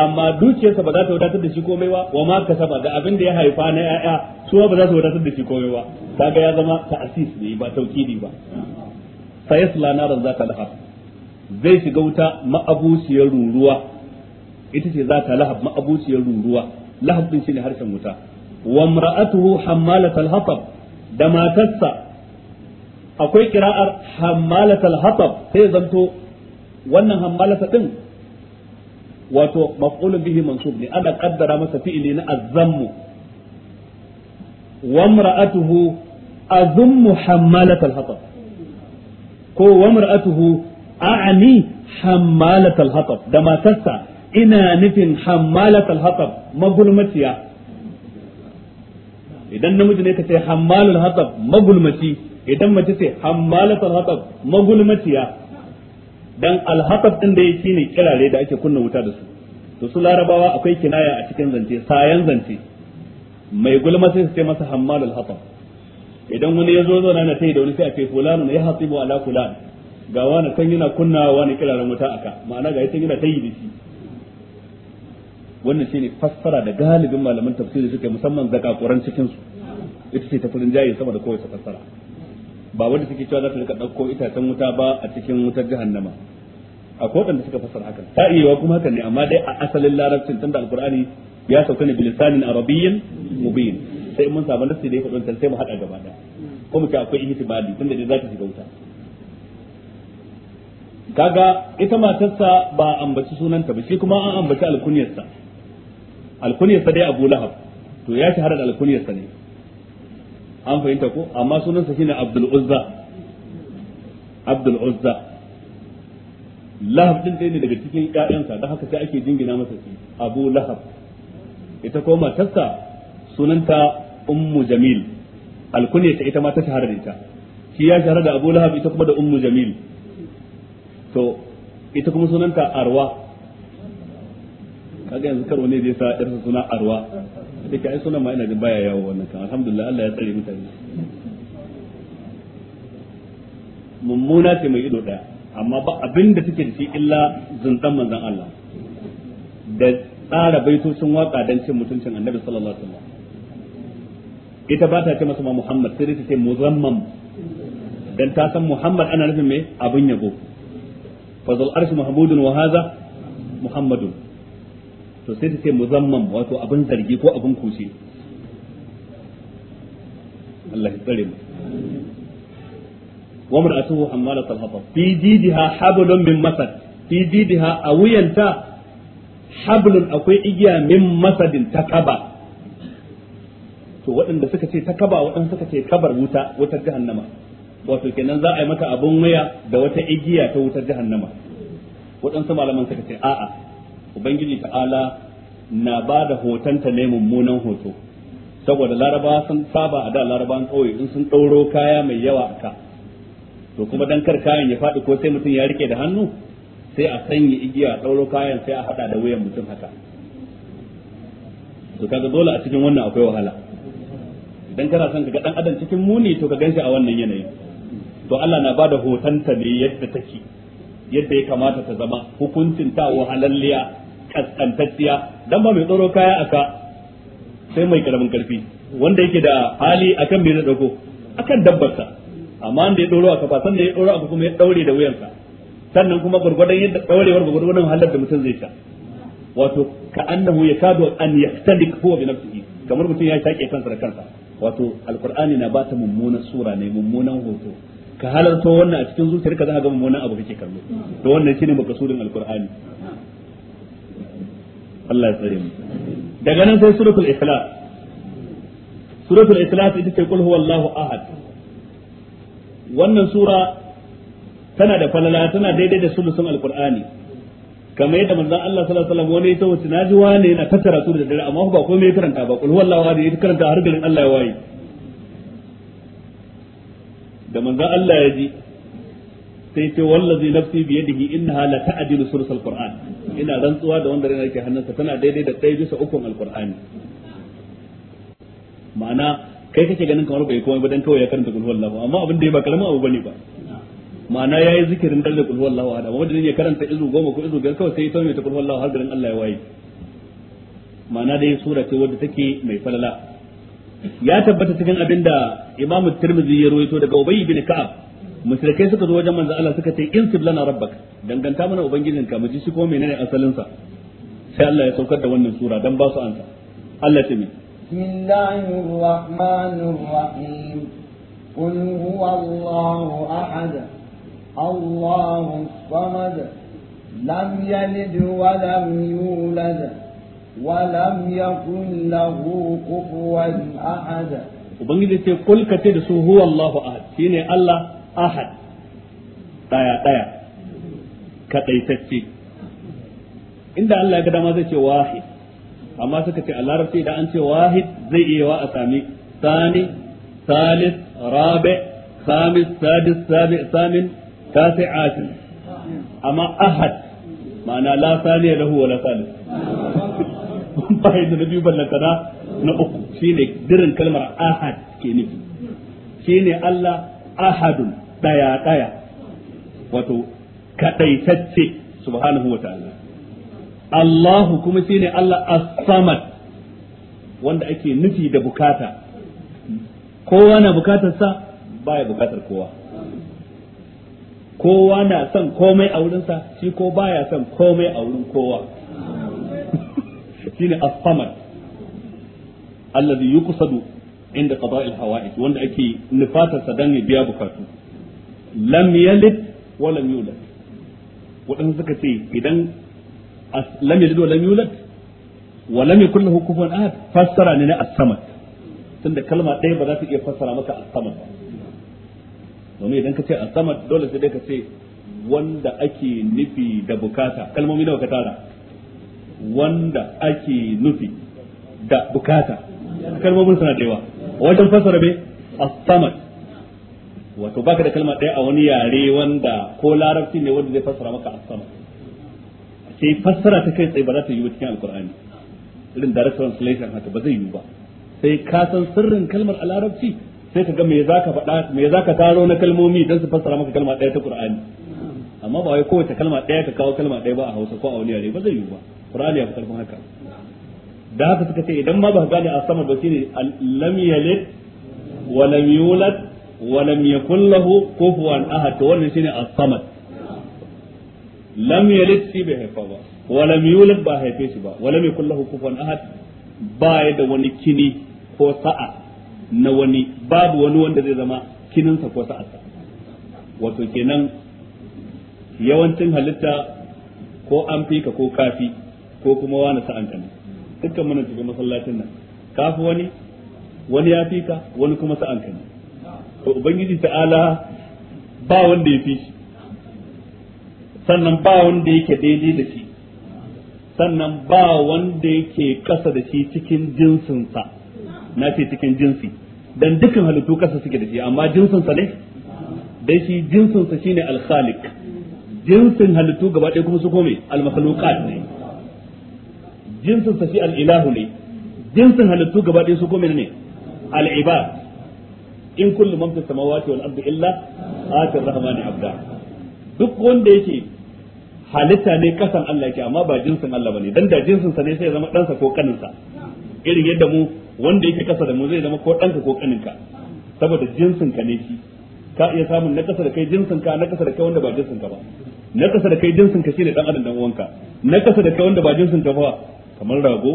amma dukiyarsa ba za ta wadatar da shi komai ba wa ma kasaba da abin da ya haifa na yaya su ba za su wadatar da shi komai ba kaga ya zama ta'sis ne ba taukidi ba sayasla naran zaka lahab zai shiga wuta ma'abuciyar ruruwa ita ce zaka lahab ma'abuciyar ruruwa lahab din shine harshen wuta wa imra'atuhu hammalat al-hatab da matarsa akwai kira'ar hammalat al-hatab sai zanto wannan hammalata din wato maf'ulun bihi mansub ne ana kaddara masa fi'ili na azammu wa imra'atuhu azummu hammalat al-hatab ko wa imra'atuhu a'ani hammalat al-hatab da matarsa ina nufin hammalat al-hatab magulmaciya idan namiji ne ka ce hammalul hatab magulmaci idan mace ce hammalat al-hatab magulmaciya dan al-hatab din da yake ne kirare da ake kunna wuta da su to su larabawa akwai kinaya a cikin zance sayan zance mai gulma sai su ce masa hammalul hatab idan wani ya zo zauna na tai da wani sai a ce fulanu ya hasibu ala fulan ga wani san yana kunna wani kiraren wuta aka ma'ana ga yace yana tayi da shi wannan shine fassara da galibin malaman tafsiri suke musamman zakakuran cikin su ita ce ta furin jayi sama da kowace fassara ba wanda suke cewa za su rika dauko itacen wuta ba a cikin wutar jahannama akwai da suka fassara hakan ta iya kuma hakan ne amma dai a asalin larabcin tunda alqur'ani ya sauka ne bilisanin arabiyyin mubin sai mun saba nasi da ya faɗin sai mu haɗa gaba ɗaya ko mu ce akwai ihtibali tunda dai za ta shiga wuta kaga ita matarsa ba ambaci sunanta ba shi kuma an ambaci alkunyarsa alkunyar sa dai Abu Lahab to ya shahara da alkunyar sa ne an fahimta ko amma sunansa shine Abdul Uzza Abdul Uzza Lahab din dai ne daga cikin ƴaƴansa da haka sai ake jingina masa shi Abu Lahab ita ko matarsa sunanta Ummu Jamil alkunyar ta ita ma ta shahara da ita shi ya shahara da Abu Lahab ita kuma da Ummu Jamil to ita kuma sunanta Arwa kaga yanzu karo ne zai sa irin suna arwa da ke ai sunan ma ina jin baya yawo wannan kan alhamdulillah Allah ya tsare mutane mummuna ce mai ido daya amma ba abin da take da shi illa zuntan manzon Allah da tsara baitocin waka dan cin mutuncin Annabi sallallahu alaihi wasallam ita ba ta ce masa ma Muhammad sai ta ce muzammam dan ta san Muhammad ana nufin me abun yabo fazul arsh mahmudun wa hadha muhammadun to sai ta ce muzamman wato abin zargi ko abin kushe Allah ya tsare mu wa mar'atuhu hammalat al-hatab fi jidiha hablun min masad fi jidiha awiyanta hablun akwai igiya min masadin takaba to waɗanda suka ce takaba waɗanda suka ce kabar wuta wutar jahannama wato kenan za a yi mata abun waya da wata igiya ta wutar jahannama waɗansu malaman suka ce a'a ubangiji ta'ala na ba da hotonta ne mummunan hoto saboda laraba sun saba a da laraban kauye in sun ɗauro kaya mai yawa a ka to kuma don kar kayan ya faɗi ko sai mutum ya rike da hannu sai a sanya igiya ɗauro kayan sai a haɗa da wuyan mutum haka to kaga dole a cikin wannan akwai wahala idan kana son ka ga ɗan adam cikin muni to ka ganshi a wannan yanayin to Allah na bada hotonta ne yadda take yadda ya kamata ta zama hukuncin ta wahalalliya kaskantacciya dan ba mai tsoro kaya aka sai mai karamin karfi wanda yake da hali akan mai dauko akan dabbarsa amma da ya doro aka ba san da ya doro aka kuma ya daure da wuyansa sannan kuma gurgurdan yadda daurewar gurgurdan halar da mutum zai sha wato ka annahu ya kadu an yaftalik huwa bi nafsihi kamar mutum ya shaƙe kansa da kansa wato alqur'ani na bata mummunan sura ne mummunan hoto ka halarta wannan a cikin zuciyarka zaka ga mummunan abu kake kallo to wannan shine makasudin alqur'ani Allah ya tsare mu daga nan sai suratul ikhlas suratul ikhlas ita ce kul huwallahu ahad wannan sura tana da falala tana daidai da sulusun alqur'ani kamar yadda manzon Allah sallallahu alaihi wasallam wani ya tawo tunaji wane yana tattara su da dare amma ba komai ya karanta ba kul huwallahu ahad ya karanta har garin Allah ya waye da manzon Allah ya ji sai ce wallazi nafsi biyadihi innaha la ta'dilu sursal qur'an ina rantsuwa da wanda rana ke hannunsa tana daidai da ɗaya bisa ukun alqur'ani ma'ana kai kake ganin kamar bai komai ba dan kawai ya karanta kul huwallahu amma abin da ya ba karamin abu bane ba ma'ana yayi zikirin dalle kul huwallahu ahad amma da ya karanta izu goma ko izu biyar kawai sai ya tauna ta kul huwallahu har garin Allah ya waye ma'ana dai sura ce wadda take mai falala ya tabbata cikin abinda da Imam Tirmidhi ya ruwaito daga Ubay bin Ka'ab mushrikai suka zo wajen manzo Allah suka ce in lana rabbak danganta mana ubangijin ka muji shi ko menene asalin sa sai Allah ya saukar da wannan sura dan ba su ansa Allah ta mi bismillahir rahmanir rahim qul huwallahu ahad Allahu samad lam yalid wa lam yulad ولم يكن له كفوا أحد وبنجد تقول كتير سو هو الله أحد شيني الله ahad daya daya kadaitacce inda Allah ya ga dama zai ce wahid amma suka ce a larabci idan an ce wahid zai iya wa a sami sani salis rabi khamis sadis sabi samin tasi atin amma ahad ma'ana la saniya lahu wa la salis bai da nabi ballantana na uku shine dirin kalmar ahad ke nufi shine Allah ahadun daya daya wato kadaitacce subhanahu wa ta'ala Allahu kuma shine Allah as-samad wanda ake nufi da bukata kowa na bukatar sa baya bukatar kowa kowa na son komai a wurinsa shi ko baya son komai a wurin kowa shine as-samad alladhi yuqsadu inda qada'il hawa'ij wanda ake nufatar sa dan ya biya bukatu lam yalid wa lam yulad waɗansu suka ce idan lam yalid wa lam yulad wa lam yakul lahu kufuwan ahad fassara ne na as-samad tunda kalma ɗaya ba za ta iya fassara maka as-samad ba domin idan ka ce as-samad dole sai dai ka ce wanda ake nufi da bukata kalmomi nawa ka tara wanda ake nufi da bukata kalmomin suna da yawa wajen fassara me as-samad wato baka da kalma ɗaya a wani yare wanda ko larabci ne wanda zai fassara maka asama sai fassara ta kai tsaye ba za ta yi cikin alkur'ani irin direct translation haka ba zai yi ba sai ka san sirrin kalmar a larabci sai ka ga me zaka faɗa me zaka taro na kalmomi don su fassara maka kalma ɗaya ta qur'ani amma ba wai kowace kalma ɗaya ka kawo kalma ɗaya ba a Hausa ko a wani yare ba zai yi ba qur'ani ya fi karfin haka da haka suka ce idan ma ba gane a ba shine lam yalid wa lam yulad wa lam yakul lahu kufuwan ahad to shine as-samad lam bai haifa ba wa ba haife shi ba wa lam yakul lahu kufuwan ahad ba da wani kini ko sa'a na wani babu wani wanda zai zama kininsa ko sa'arsa wato kenan yawancin halitta ko an fika ko kafi ko kuma wani sa'anta ne dukkan mana cikin masallacin nan kafi wani wani ya fika wani kuma sa'anka ne to ubangiji ta'ala ba wanda ya fi shi sannan ba wanda yake daidai da shi sannan ba wanda yake kasa da shi cikin jinsinsa na ce cikin jinsi dan dukkan halittu kasa suke da shi amma jinsinsa ne dai shi jinsinsa shine al-khaliq jinsin halittu gaba ɗaya kuma su kome al-makhluqat ne jinsinsa shi al-ilahu ne jinsin halittu gaba ɗaya su kome ne al-ibad in kullu man fis samawati wal ardi illa atir rahmani abda duk wanda yake halitta ne kasan Allah yake amma ba jinsin Allah bane dan da jinsin sa ne sai ya zama dansa ko kaninsa irin yadda mu wanda yake kasa da mu zai zama ko danka ko kaninka saboda jinsin ka ne shi ka iya samun na kasa da kai jinsin ka na kasa da kai wanda ba jinsin ka ba na kasa da kai jinsin ka shine dan adam dan uwanka na kasa da kai wanda ba jinsin ka ba kamar rago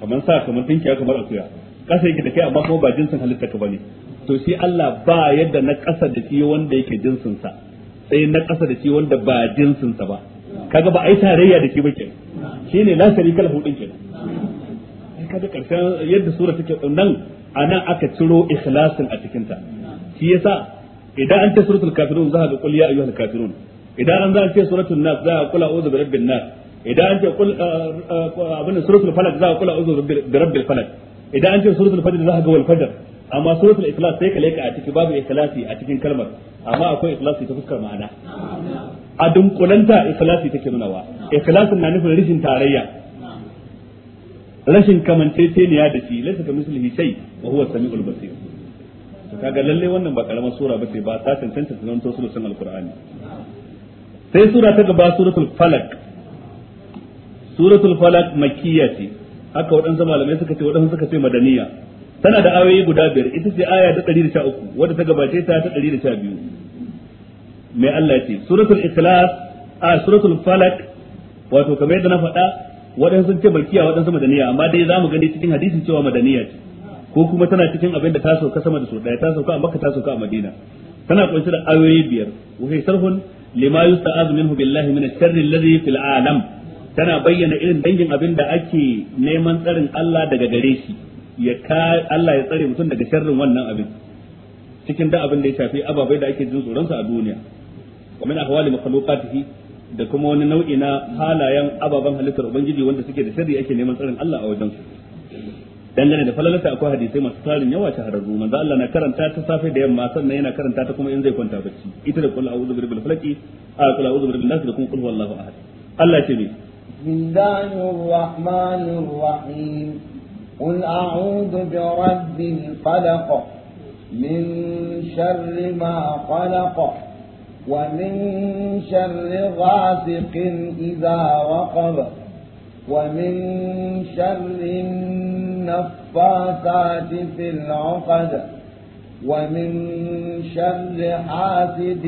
kamar sa kamar tinkiya kamar akuya kasa yake da kai amma kuma ba jinsin halitta ka bane to shi Allah ba yadda na ƙasa da shi wanda yake jinsin sa sai na ƙasa da shi wanda ba jinsin sa ba kaga ba ai tarayya da shi ba kenan shine la sharika lahu din kenan kaga karshen yadda sura take nan anan aka ciro ikhlasin a cikin ta shi yasa idan an ce suratul kafirun za a ga qul ya ayyuhal kafirun idan an za a ce suratul nas za ka kula a'udhu rabbin nas idan an ce kul abin suratul falak za a kula uzu bi rabbil falak idan an ce suratul fajr za a ga wal fajr amma suratul ikhlas sai ka a ciki babu ikhlasi a cikin kalmar amma akwai ikhlasi ta fuskar ma'ana a dunkulanta ikhlasi take wa ikhlasin na nufin rashin tarayya rashin kamanceceniya da shi laisa ka mislihi shay wa huwa samiul basir kaga lalle wannan ba karamar sura bace ba ta tantance sunan to sulusun alqur'ani sai sura ta gaba suratul falaq suratul falaq makkiyati ce haka waɗansu malamai suka ce waɗansu suka ce madaniya tana da ayoyi guda biyar ita ce aya ta 113 wadda ta gabace ta ta 112 mai Allah ce suratul ikhlas a suratul falak wato kamar yadda na faɗa waɗansu sun ce makiya waɗansu madaniya amma dai zamu gani cikin hadisin cewa madaniya ce ko kuma tana cikin abin da ta sauka sama da su daya ta sauka a Makka ta sauka a Madina tana kunshe da ayoyi biyar wa hi sarhun lima yusta'azu minhu billahi min ash-sharri alladhi fil alam tana bayyana irin dangin abin da ake neman tsarin Allah daga gare shi ya ka Allah ya tsare mutum daga sharrin wannan abin cikin da abin da ya shafi ababai da ake jin tsoron sa a duniya wa min ahwali makhluqatihi da kuma wani nau'i na halayen ababan halittar ubangiji wanda suke da sharri ake neman tsarin Allah a wajen su dangane da falalata akwai hadisai masu tarin yawa shahararru manzo Allah na karanta ta safe da yamma sannan yana karanta ta kuma in zai kwanta bacci ita da kullu a'udhu birabbil falaqi a kullu a'udhu birabbil nas da kuma kullu wallahu ahad Allah ce ne bismillahir rahmanir قل أعوذ برب الفلق من شر ما خلق ومن شر غاسق إذا وقب ومن شر النفاثات في العقد ومن شر حاسد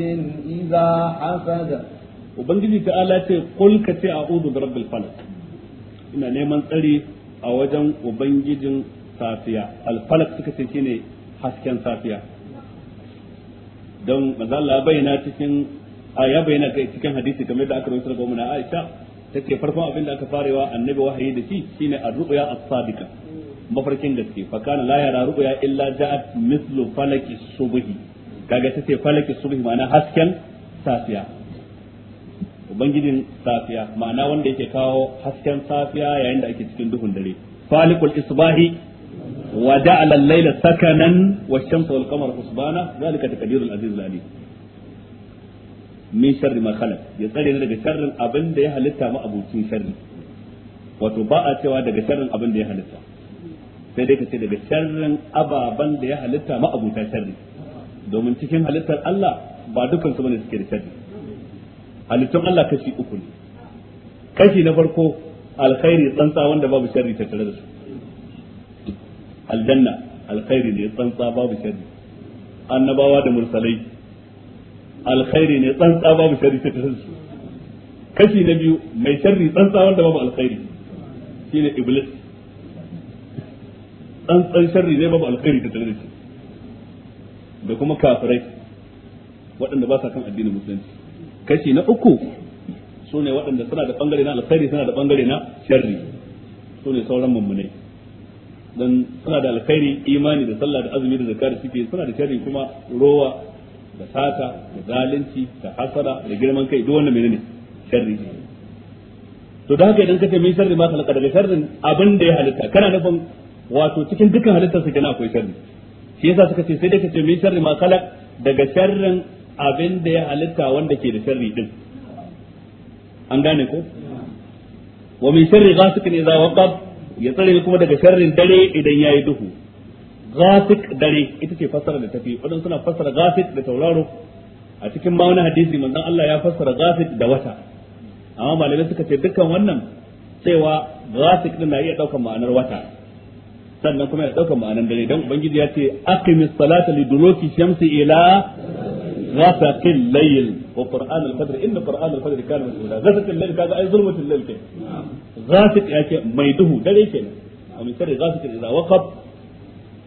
إذا حسد وبنجي تعالى قل كتي أعوذ برب الفلق ina من تري a wajen ubangijin safiya alfalak suka ce shine hasken safiya don mazalla bayyana cikin aya bayyana cikin hadisi kamar da aka rawaito daga umma Aisha tace farkon abin da aka farewa annabi wahayi da shi shine ar-ru'ya as-sadiqa mafarkin gaske fa kana la yara ru'ya illa ja'at mithlu falaki subhi kaga tace falaki subhi ma'ana hasken safiya ubangijin safiya ma'ana wanda yake kawo hasken safiya yayin da ake cikin duhun dare falikul isbahi wa ja'ala al-layla sakanan wa ash-shamsa wal qamara husbana zalika taqdirul aziz al-alim min sharri ma khalaq ya tsare ni daga sharrin abin da ya halitta ma abucin sharri wato ba a cewa daga sharrin abin da ya halitta sai dai ka ce daga sharrin ababan da ya halitta ma abuta sharri domin cikin halittar Allah ba dukkan su bane suke da sharri halittun Allah kashi uku ne kashi na farko alkhairi tsantsa wanda babu sharri tattare da su aljanna alkhairi ne tsantsa babu sharri annabawa da mursalai alkhairi ne tsantsa babu sharri tattare da su kashi na biyu mai sharri tsantsa wanda babu alkhairi shine iblis tsantsan sharri ne babu alkhairi tattare da shi da kuma kafirai waɗanda ba sa kan addinin musulunci kashi na uku su ne waɗanda suna da ɓangare na alkhairi suna da ɓangare na sharri su ne sauran mummunai dan suna da alkhairi imani da sallah da azumi da zakar suke suna da sharri kuma rowa da sata da zalunci da hasara da girman kai duk wannan menene sharri to da haka idan ka ce min sharri ma khalaqa daga sharrin abin da ya halitta kana nufin wato cikin dukkan halittarsa su kenan akwai sharri shi yasa suka ce sai dai ka ce min sharri ma khalaq daga sharrin abin da ya halitta wanda ke da sharri din an gane ko wa min sharri ghasikin idza waqab ya tsare kuma daga sharrin dare idan yayi duhu ghasik dare ita ce fassara da tafi wadan suna fassara ghasik da tauraro a cikin ma wani hadisi manzon Allah ya fassara ghasik da wata amma malamai suka ce dukkan wannan cewa ghasik din na iya daukar ma'anar wata sannan kuma ya daukar ma'anar dare dan ubangiji ya ce aqimis salata shamsi ila غسق الليل وقرآن الفجر إن قرآن الفجر كان مسؤولا غسق الليل كذا أي ظلمة الليل كي غاسق يا كي ميده دليل كي ومن شر غاسق إذا وقب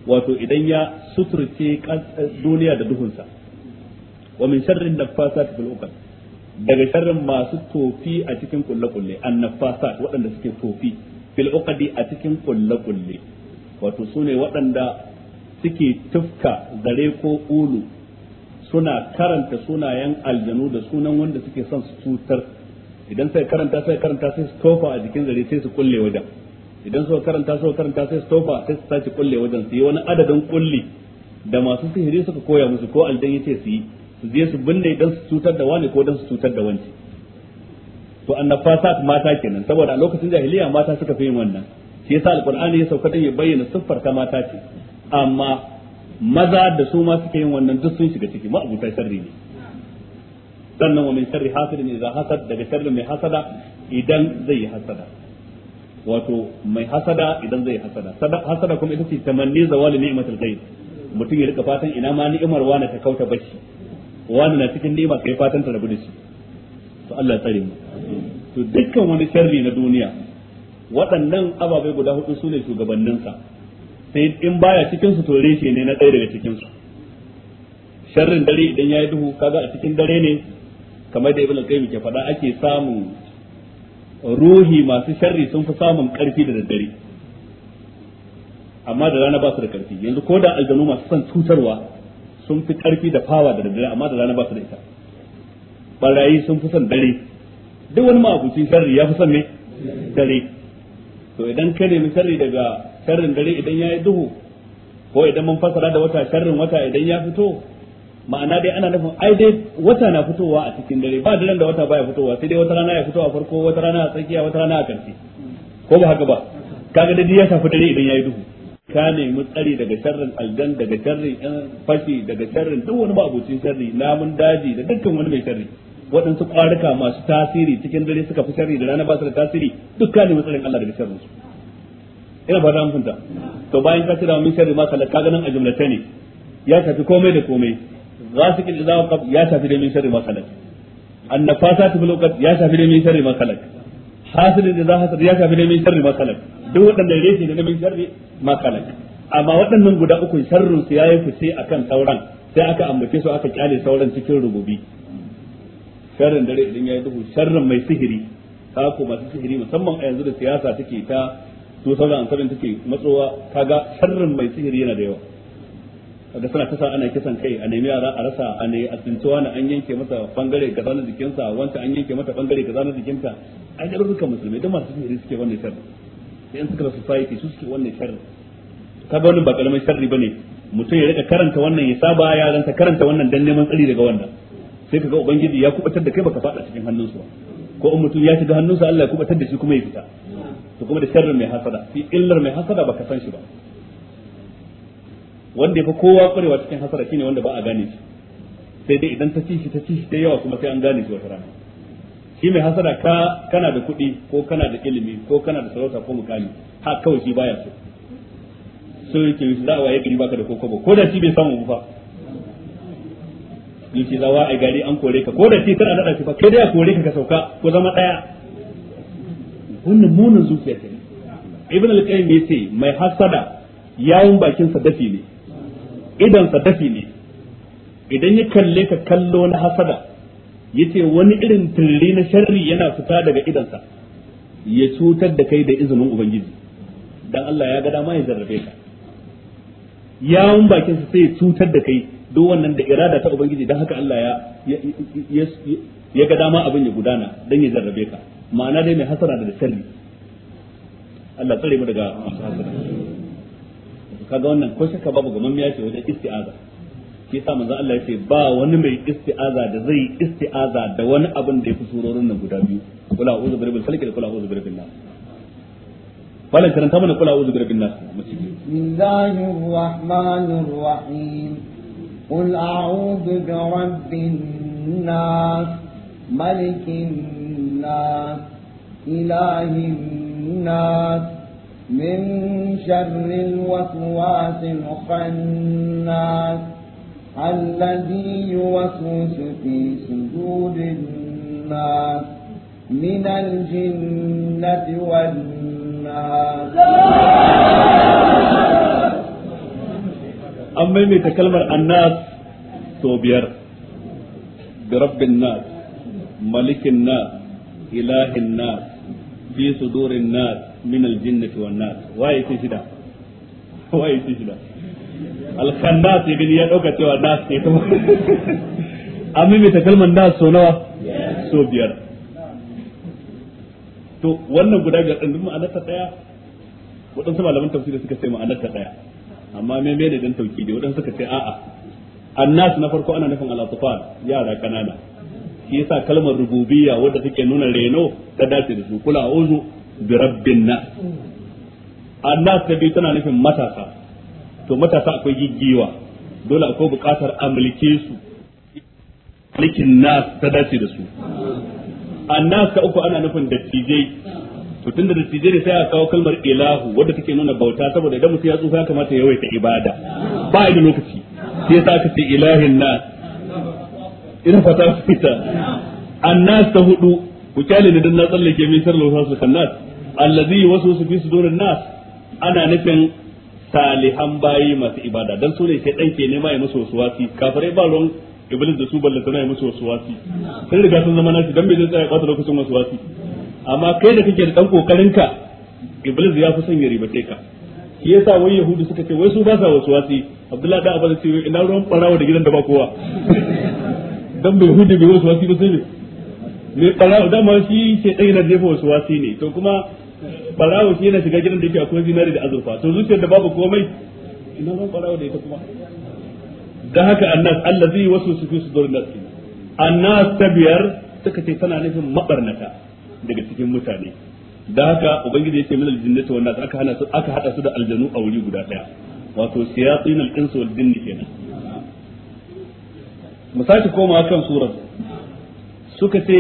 wato idan ya suturce duniya da duhunsa wa min sharrin naffasat fil daga sharrin masu tofi a cikin kulle kulle annafasat waɗanda suke tofi fil uqadi a cikin kulle kulle wato sune waɗanda suke tufka zare ko ulu suna karanta sunayen aljanu da sunan wanda suke son su cutar idan sai karanta sai karanta sai su tofa a jikin zare sai su kulle wajen idan suka karanta suka karanta sai su tofa sai su sace kulle wajen su yi wani adadin kulli da masu sihiri suka koya musu ko aljan yace su yi su je su binne dan su cutar da wani ko dan su cutar da wani. to annafasat mata kenan saboda a lokacin jahiliya mata suka fi yin wannan shi yasa alqur'ani ya sauka dan ya bayyana siffar ta mata ce amma maza da su ma suke yin wannan duk sun shiga ciki ta sarri ne sannan wa min sharri hasidin idza hasad daga sharrin mai hasada idan zai yi hasada wato mai hasada idan zai yi hasada hasada kuma ita ce tamanni zawali ni'matul ghaib mutum ya rika fatan ina ma ni'imar wani ta kauta bashi wani na cikin ni'ima kai fatan ta rabu da shi to Allah tsare mu to dukkan wani sharri na duniya waɗannan ababai guda hudu su ne shugabanninsa sai in baya cikin su to reshe ne na ɗaya daga cikin su sharrin dare idan ya yi duhu kaga a cikin dare ne kamar da al qayyim ke faɗa ake samun ruhi masu sharri sun fi samun ƙarfi da daddare amma da rana ba su da ƙarfi yanzu ko da aljanu masu son cutarwa sun fi ƙarfi da fawa da daddare amma da rana ba su da ita barayi sun fi son dare duk wani ma'abucin sharri ya fi son ne dare to idan ka nemi sharri daga sharrin dare idan ya yi duhu ko idan mun fasara da wata sharrin wata idan ya fito ma'ana dai ana nufin ai dai wata na fitowa a cikin dare ba daren da wata baya fitowa sai dai wata rana ya fito a farko wata rana a tsakiya wata rana a karshe ko ba haka ba kaga dai ya shafi dare idan ya yi duhu ka nemi tsari daga sharrin algan daga sharrin yan fashi daga sharrin duk wani ma'abucin sharri namun daji da dukkan wani mai sharri waɗansu ƙwaruka masu tasiri cikin dare suka fi sharri da rana ba su da tasiri duk ka nemi tsarin Allah daga sharrin su ina ba an kunta to bayan ka tira min sharri ma salaka ganin a jumlata ne ya tafi komai da komai ghasiqil idza waqab ya tafi da min sharri ma salaka annafasat bil waqt ya tafi da min sharri ma salaka hasidin idza hasad ya tafi da min sharri ma salaka duk ya reshe da min sharri ma salaka amma waɗannan guda uku sharrun su yayi fice akan sauran sai aka ambace su aka kyale sauran cikin rububi sharrin dare idan yayi duhu sharrin mai sihiri ku masu sihiri musamman a yanzu da siyasa take ta su an ansarin take matsowa kaga sharrin mai sihiri yana da yawa kaga suna tasa ana kisan kai a nemi yara a rasa a ne a tsintuwa na an yanke masa bangare ga na jikinsa wancan an yanke mata bangare ga na jikinta ai da rubuka musulmai da masu sihiri suke wannan sharri da yan suka society su suke wannan sharri kaga wannan ba karamin sharri bane mutum ya rika karanta wannan ya saba yaransa karanta wannan dan neman tsari daga wannan sai kaga ubangiji ya kubatar da kai baka fada cikin hannunsa ko in mutum ya shiga hannunsa Allah ya kubatar da shi kuma ya fita to kuma da sharrin mai hasada shi illar mai hasada baka san shi ba wanda yafi kowa kwarewa cikin hasada shine wanda ba a gane shi sai dai idan ta ci shi ta ci shi da yawa kuma sai an gane shi wata rana shi mai hasada ka kana da kuɗi ko kana da ilimi ko kana da sarauta ko mukami ha kawai shi baya so so yake yi za a waye gari baka da kokobo ko da shi bai samu ba yace zawa wa a gari an kore ka ko da shi tana da shi ba kai da ya kore ka ka sauka ko zama daya wannan munin zuciya ce ibn al-qayyim yace mai hasada yayin bakin sa dafi ne idan sa dafi ne idan ya kalle ka kallo na hasada yace wani irin tilli na sharri yana fita daga idansa ya cutar da kai da izinin ubangiji dan Allah ya ga dama ya zarrabe ka yawun bakin sa sai ya cutar da kai duk wannan da irada ta ubangiji dan haka Allah ya ya ga dama abin ya gudana dan ya zarrabe ka ma'ana dai mai hasara da lissafi Allah tsare mu daga masu hasara kaga wannan ko shakka babu gaman miya ce wajen isti'aza shi yasa manzo Allah yace ba wani mai isti'aza da zai isti'aza da wani abin da yafi surorin nan guda biyu kula a'udhu birbil falaq da kula a'udhu birbil nas wannan karanta mana kula a'udhu birbil nas mu ci rahmanir rahim الناس إله الناس من شر الوسواس الخناس الذي يوسوس في سجود الناس من الجنة والناس أما maimaita kalmar الناس sau برب الناس ملك الناس ilahin nas fi sudurin nas min aljinnati wan nas waye ce shida waye ce shida alkhannas ibn ya dauka cewa nas ke kuma amma me ta kalmar nas so nawa so biyar to wannan guda biyar din ma'anar anata daya waɗansu malaman tafsiri suka ce ma'anar anata daya amma me me da dan tauki da waɗansu suka ce a'a annas na farko ana nufin al yara kanana shi yasa kalmar rububiyya wadda take nuna reno ta dace da su kula a'udhu bi rabbin nas annas ta biyu tana nufin matasa to matasa akwai giggiwa dole akwai bukatar amlike su likin nas ta dace da su annas ta uku ana nufin dattijai to tunda dattijai ne sai a kawo kalmar ilahu wadda take nuna bauta saboda idan mutum ya tsufa ya kamata ya yawaita ibada ba da lokaci sai yasa ka ce ilahin nas ina fata fita annas ta hudu ku kyale ni dan na tsallake min sharri wasu kan nas allazi wasu fi sudurin nas ana nufin salihan bayi masu ibada dan su ne sai dan ke nema ya musu wasuwasi kafirai ba ruwan iblis da su balla tana ya musu wasuwasi Sai riga sun zama nashi dan bai zai tsaya kwata lokacin wasuwasi amma kai da kake da dan kokarin ka iblis ya fi son ya ribace ka shi yasa wai yahudu suka ce wai su ba sa wasuwasi abdullahi da Abdullahi ce ina ruwan barawa da gidan da ba kowa dan bai hude bai wasu wasi ba sai ne barawo dama shi ke ɗaya na jefa wasu wasi ne to kuma barawo shi yana shiga gidan da yake akwai zinari da azurfa to zuciyar da babu komai ina ran barawo da ita kuma da haka annas allazi wasu su fi na nas annas tabiyar suka ce tana nufin mabarnata daga cikin mutane da haka ubangiji ce min aljinnati wannan aka hana su aka hada su da aljanu a wuri guda daya wato siyatin al-insu wal jinni kenan mu sake komawa kan surar suka ce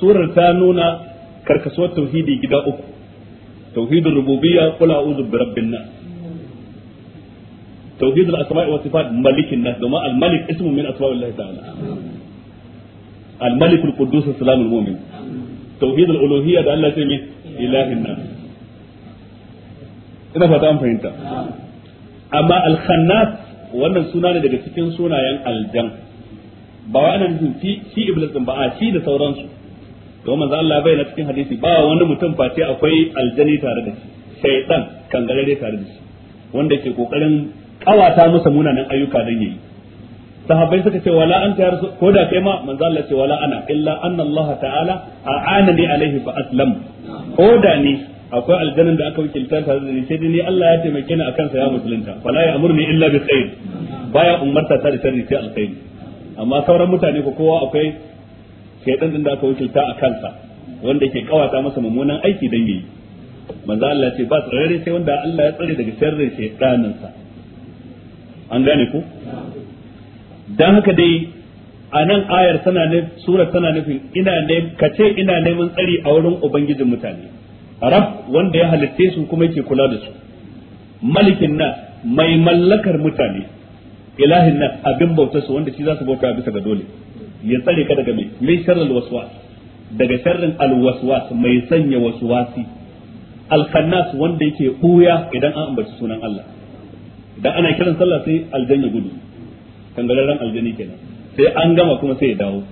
surar ta nuna karkasuwar tauhidi gida uku tauhidul rububiyya qul a'udhu bi rabbin nas tauhidul asma'i wa sifat malikin nas domin al malik ismu min asma'illahi ta'ala al malik al quddus salamul mu'min al uluhiyya da Allah ya ce min ilahin nas ina fata an fahimta amma al khannas wannan suna ne daga cikin sunayen aljan ba wai ana nufin shi iblis din ba a shi da sauransu to manzo Allah bai na cikin hadisi ba wani mutum sai akwai aljani tare da shi shaytan kangarare tare da shi wanda ke kokarin kawata masa munanan ayyuka dan yayi sahabbai suka ce wala anta ya rasul ko kai ma manzo Allah ce wala ana illa anna Allah ta'ala a'ana ni alaihi fa aslam ko da ni akwai aljanin da aka wakilta tare da ni sai dai ni Allah ya taimake ni akan sa ya musulunta wala ya amurni illa bi khair baya umarta ta da sharri sai alkhairi amma sauran mutane ko kowa akwai shaidan din da aka wakilta a kansa wanda yake kawata masa mummunan aiki dan yayi manzo Allah ce ba tsare sai wanda Allah ya tsare daga sharrin shaidanin sa an gane ku dan haka dai a nan ayar tana ne surar tana nufin ina ne kace ina neman tsari a wurin ubangijin mutane rab wanda ya halitte su kuma yake kula da su malikin nas mai mallakar mutane ilahin nan abin bautar su wanda shi za su bauta bisa ga dole ya tsare ka daga mai mai sharral waswas daga sharrin alwaswas mai sanya waswasi alkhannas wanda yake buya idan an ambaci sunan Allah idan ana kiran sallah sai ya gudu kangararren aljani kenan sai an gama kuma sai ya dawo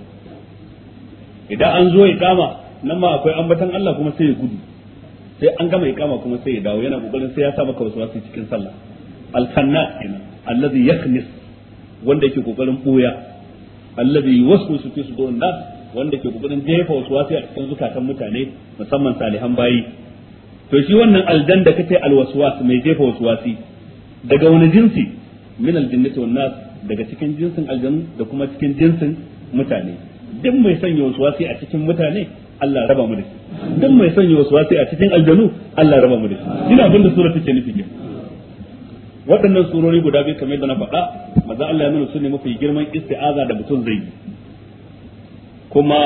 idan an zo ya kama nan ma akwai ambatan Allah kuma sai ya gudu sai an gama ya kama kuma sai ya dawo yana kokarin sai ya sa maka waswasi cikin sallah Alfanna. khannas kenan allazi yaknis wanda yake kokarin boya allazi yuwaswisu fi sudurin nas wanda ke kokarin jefa wasu wasi a cikin zukatan mutane musamman salihan bayi to shi wannan aljan da kace alwaswas mai jefa wasu wasi daga wani jinsi min aljinnati wan nas daga cikin jinsin aljanu da kuma cikin jinsin mutane duk mai sanya wasu wasi a cikin mutane Allah raba mu da shi duk mai sanya wasu wasi a cikin aljanu Allah raba mu da shi ina abinda da sura take nufi waɗannan surori guda biyu kamar yadda na faɗa maza Allah ya nuna su ne mafi girman isti'aza da mutum zai yi kuma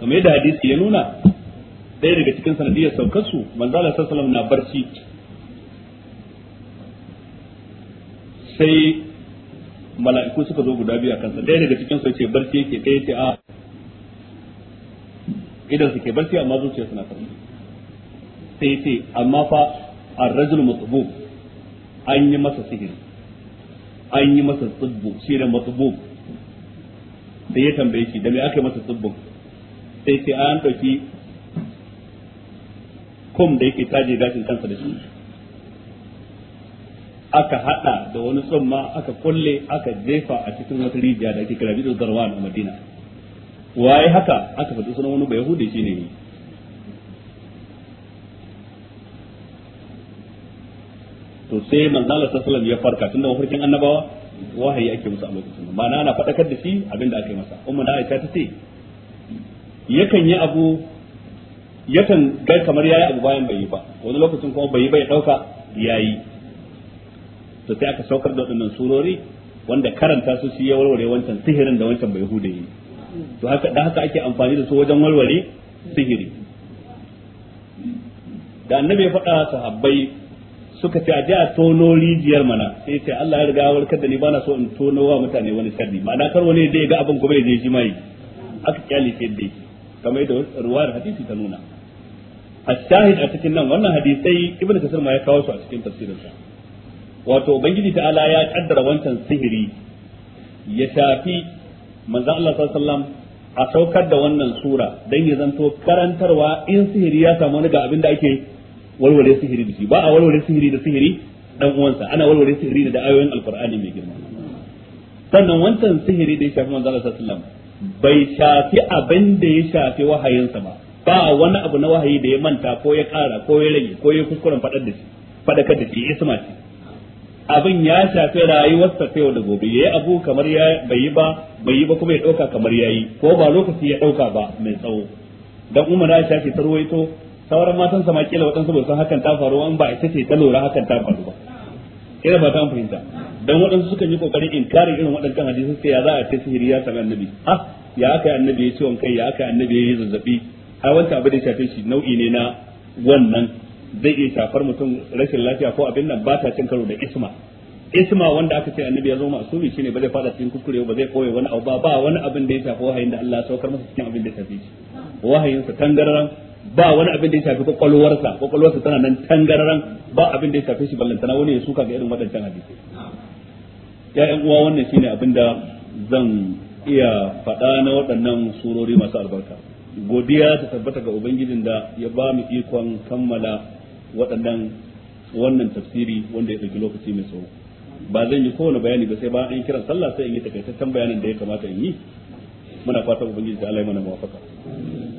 kamar yadda hadisi ya nuna ɗaya daga cikin sanadiyar saukar su manzo Allah sallallahu na barci sai mala'iku suka zo guda biyu a kansa ɗaya daga cikin sai ce barci yake ɗaya ce a idan su ke barci amma zuciya suna karfi sai ce amma fa ar-rajul matbub an yi masa sihiri an yi masa tsibbu shi ne matsubbu da ya tambaye shi da me aka yi masa tsibbun sai sai an ɗauki kum da yake taje gashin kansa da shi aka hada da wani tsumma aka kulle aka jefa a cikin wata rijiya da ake kira bidon zarwa a madina waye haka aka faɗi sunan wani bai shi shine ne to sai manzo Allah sallallahu ya farka tunda mafarkin annabawa wahayi ake musu a lokacin na ana fadakar da shi abinda aka yi masa umma da Aisha ta ce yakan yi abu yakan ga kamar yayi abu bayan bai yi ba wani lokacin kuma bai yi bai dauka yayi to sai aka saukar da waɗannan surori wanda karanta su shi ya warware wancan sihirin da wancan bai hude yi to haka da haka ake amfani da su wajen warware sihiri da annabi ya faɗa sahabbai suka ce a je a tono rijiyar mana sai ce Allah ya riga warkar da ni bana so in tono wa mutane wani sharri ma'ana kar wani ya ga abin kuma ya je shi mai aka kyale shi dai kamar da ruwayar hadisi ta nuna shahid a cikin nan wannan hadisai ibn kasir ma ya kawo su a cikin tafsirinsa wato ubangiji ta'ala ya kaddara wancan sihiri ya shafi manzon Allah sallallahu alaihi wasallam a saukar da wannan sura dan ya zanto karantarwa in sihiri ya samu wani ga abin da ake Walwale sihiri da shi ba a walwale sihiri da sihiri dan uwansa ana walwale sihiri da ayoyin alqur'ani mai girma sannan wancan sihiri da ya shafi manzo Allah sallallahu bai shafi abin da ya shafi wahayinsa ba ba wani abu na wahayi da ya manta ko ya kara ko ya rage ko ya kuskuren fadar da shi fadakar da shi isma shi. abin ya shafi rayuwarsa ta yau da gobe yayi abu kamar ya bai yi ba bai yi ba kuma ya dauka kamar yayi ko ba lokaci ya dauka ba mai tsawo dan umara ya shafi tarwaito sauran matan sama kila waɗansu ba san hakan ta faru an ba ita ce ta lura hakan ta faru ba ina ba ta fahimta dan waɗansu suka yi in kare irin waɗancan hadisi sai ya za a ce sihiri ya san annabi ah ya aka annabi ya ciwon kai ya aka annabi ya yi zazzabi ai wanta abu da ya shafe shi nau'i ne na wannan zai iya shafar mutum rashin lafiya ko abin nan ba ta cin karo da isma isma wanda aka ce annabi ya zo masumi shine ba zai fada cikin kukure ba zai koye wani abu ba wani abin da ya shafi wahayin da Allah ya saukar masa cikin abin da ya shafe shi wahayin sa ba wani abin da ya shafi kwakwalwarsa kwakwalwarsa tana nan tangararan ba abin da ya shafi shi ballantana wani ya suka ga irin waɗancan hadisi ya'yan uwa wannan shine abin da zan iya faɗa na waɗannan surori masu albarka godiya ta tabbata ga ubangijin da ya ba mu ikon kammala waɗannan wannan tafsiri wanda ya ɗauki lokaci mai tsawo ba zan yi kowane bayani ba sai ba an kiran sallah sai in yi takaitaccen bayanin da ya kamata in yi muna fatan ubangiji ta Allah ya mana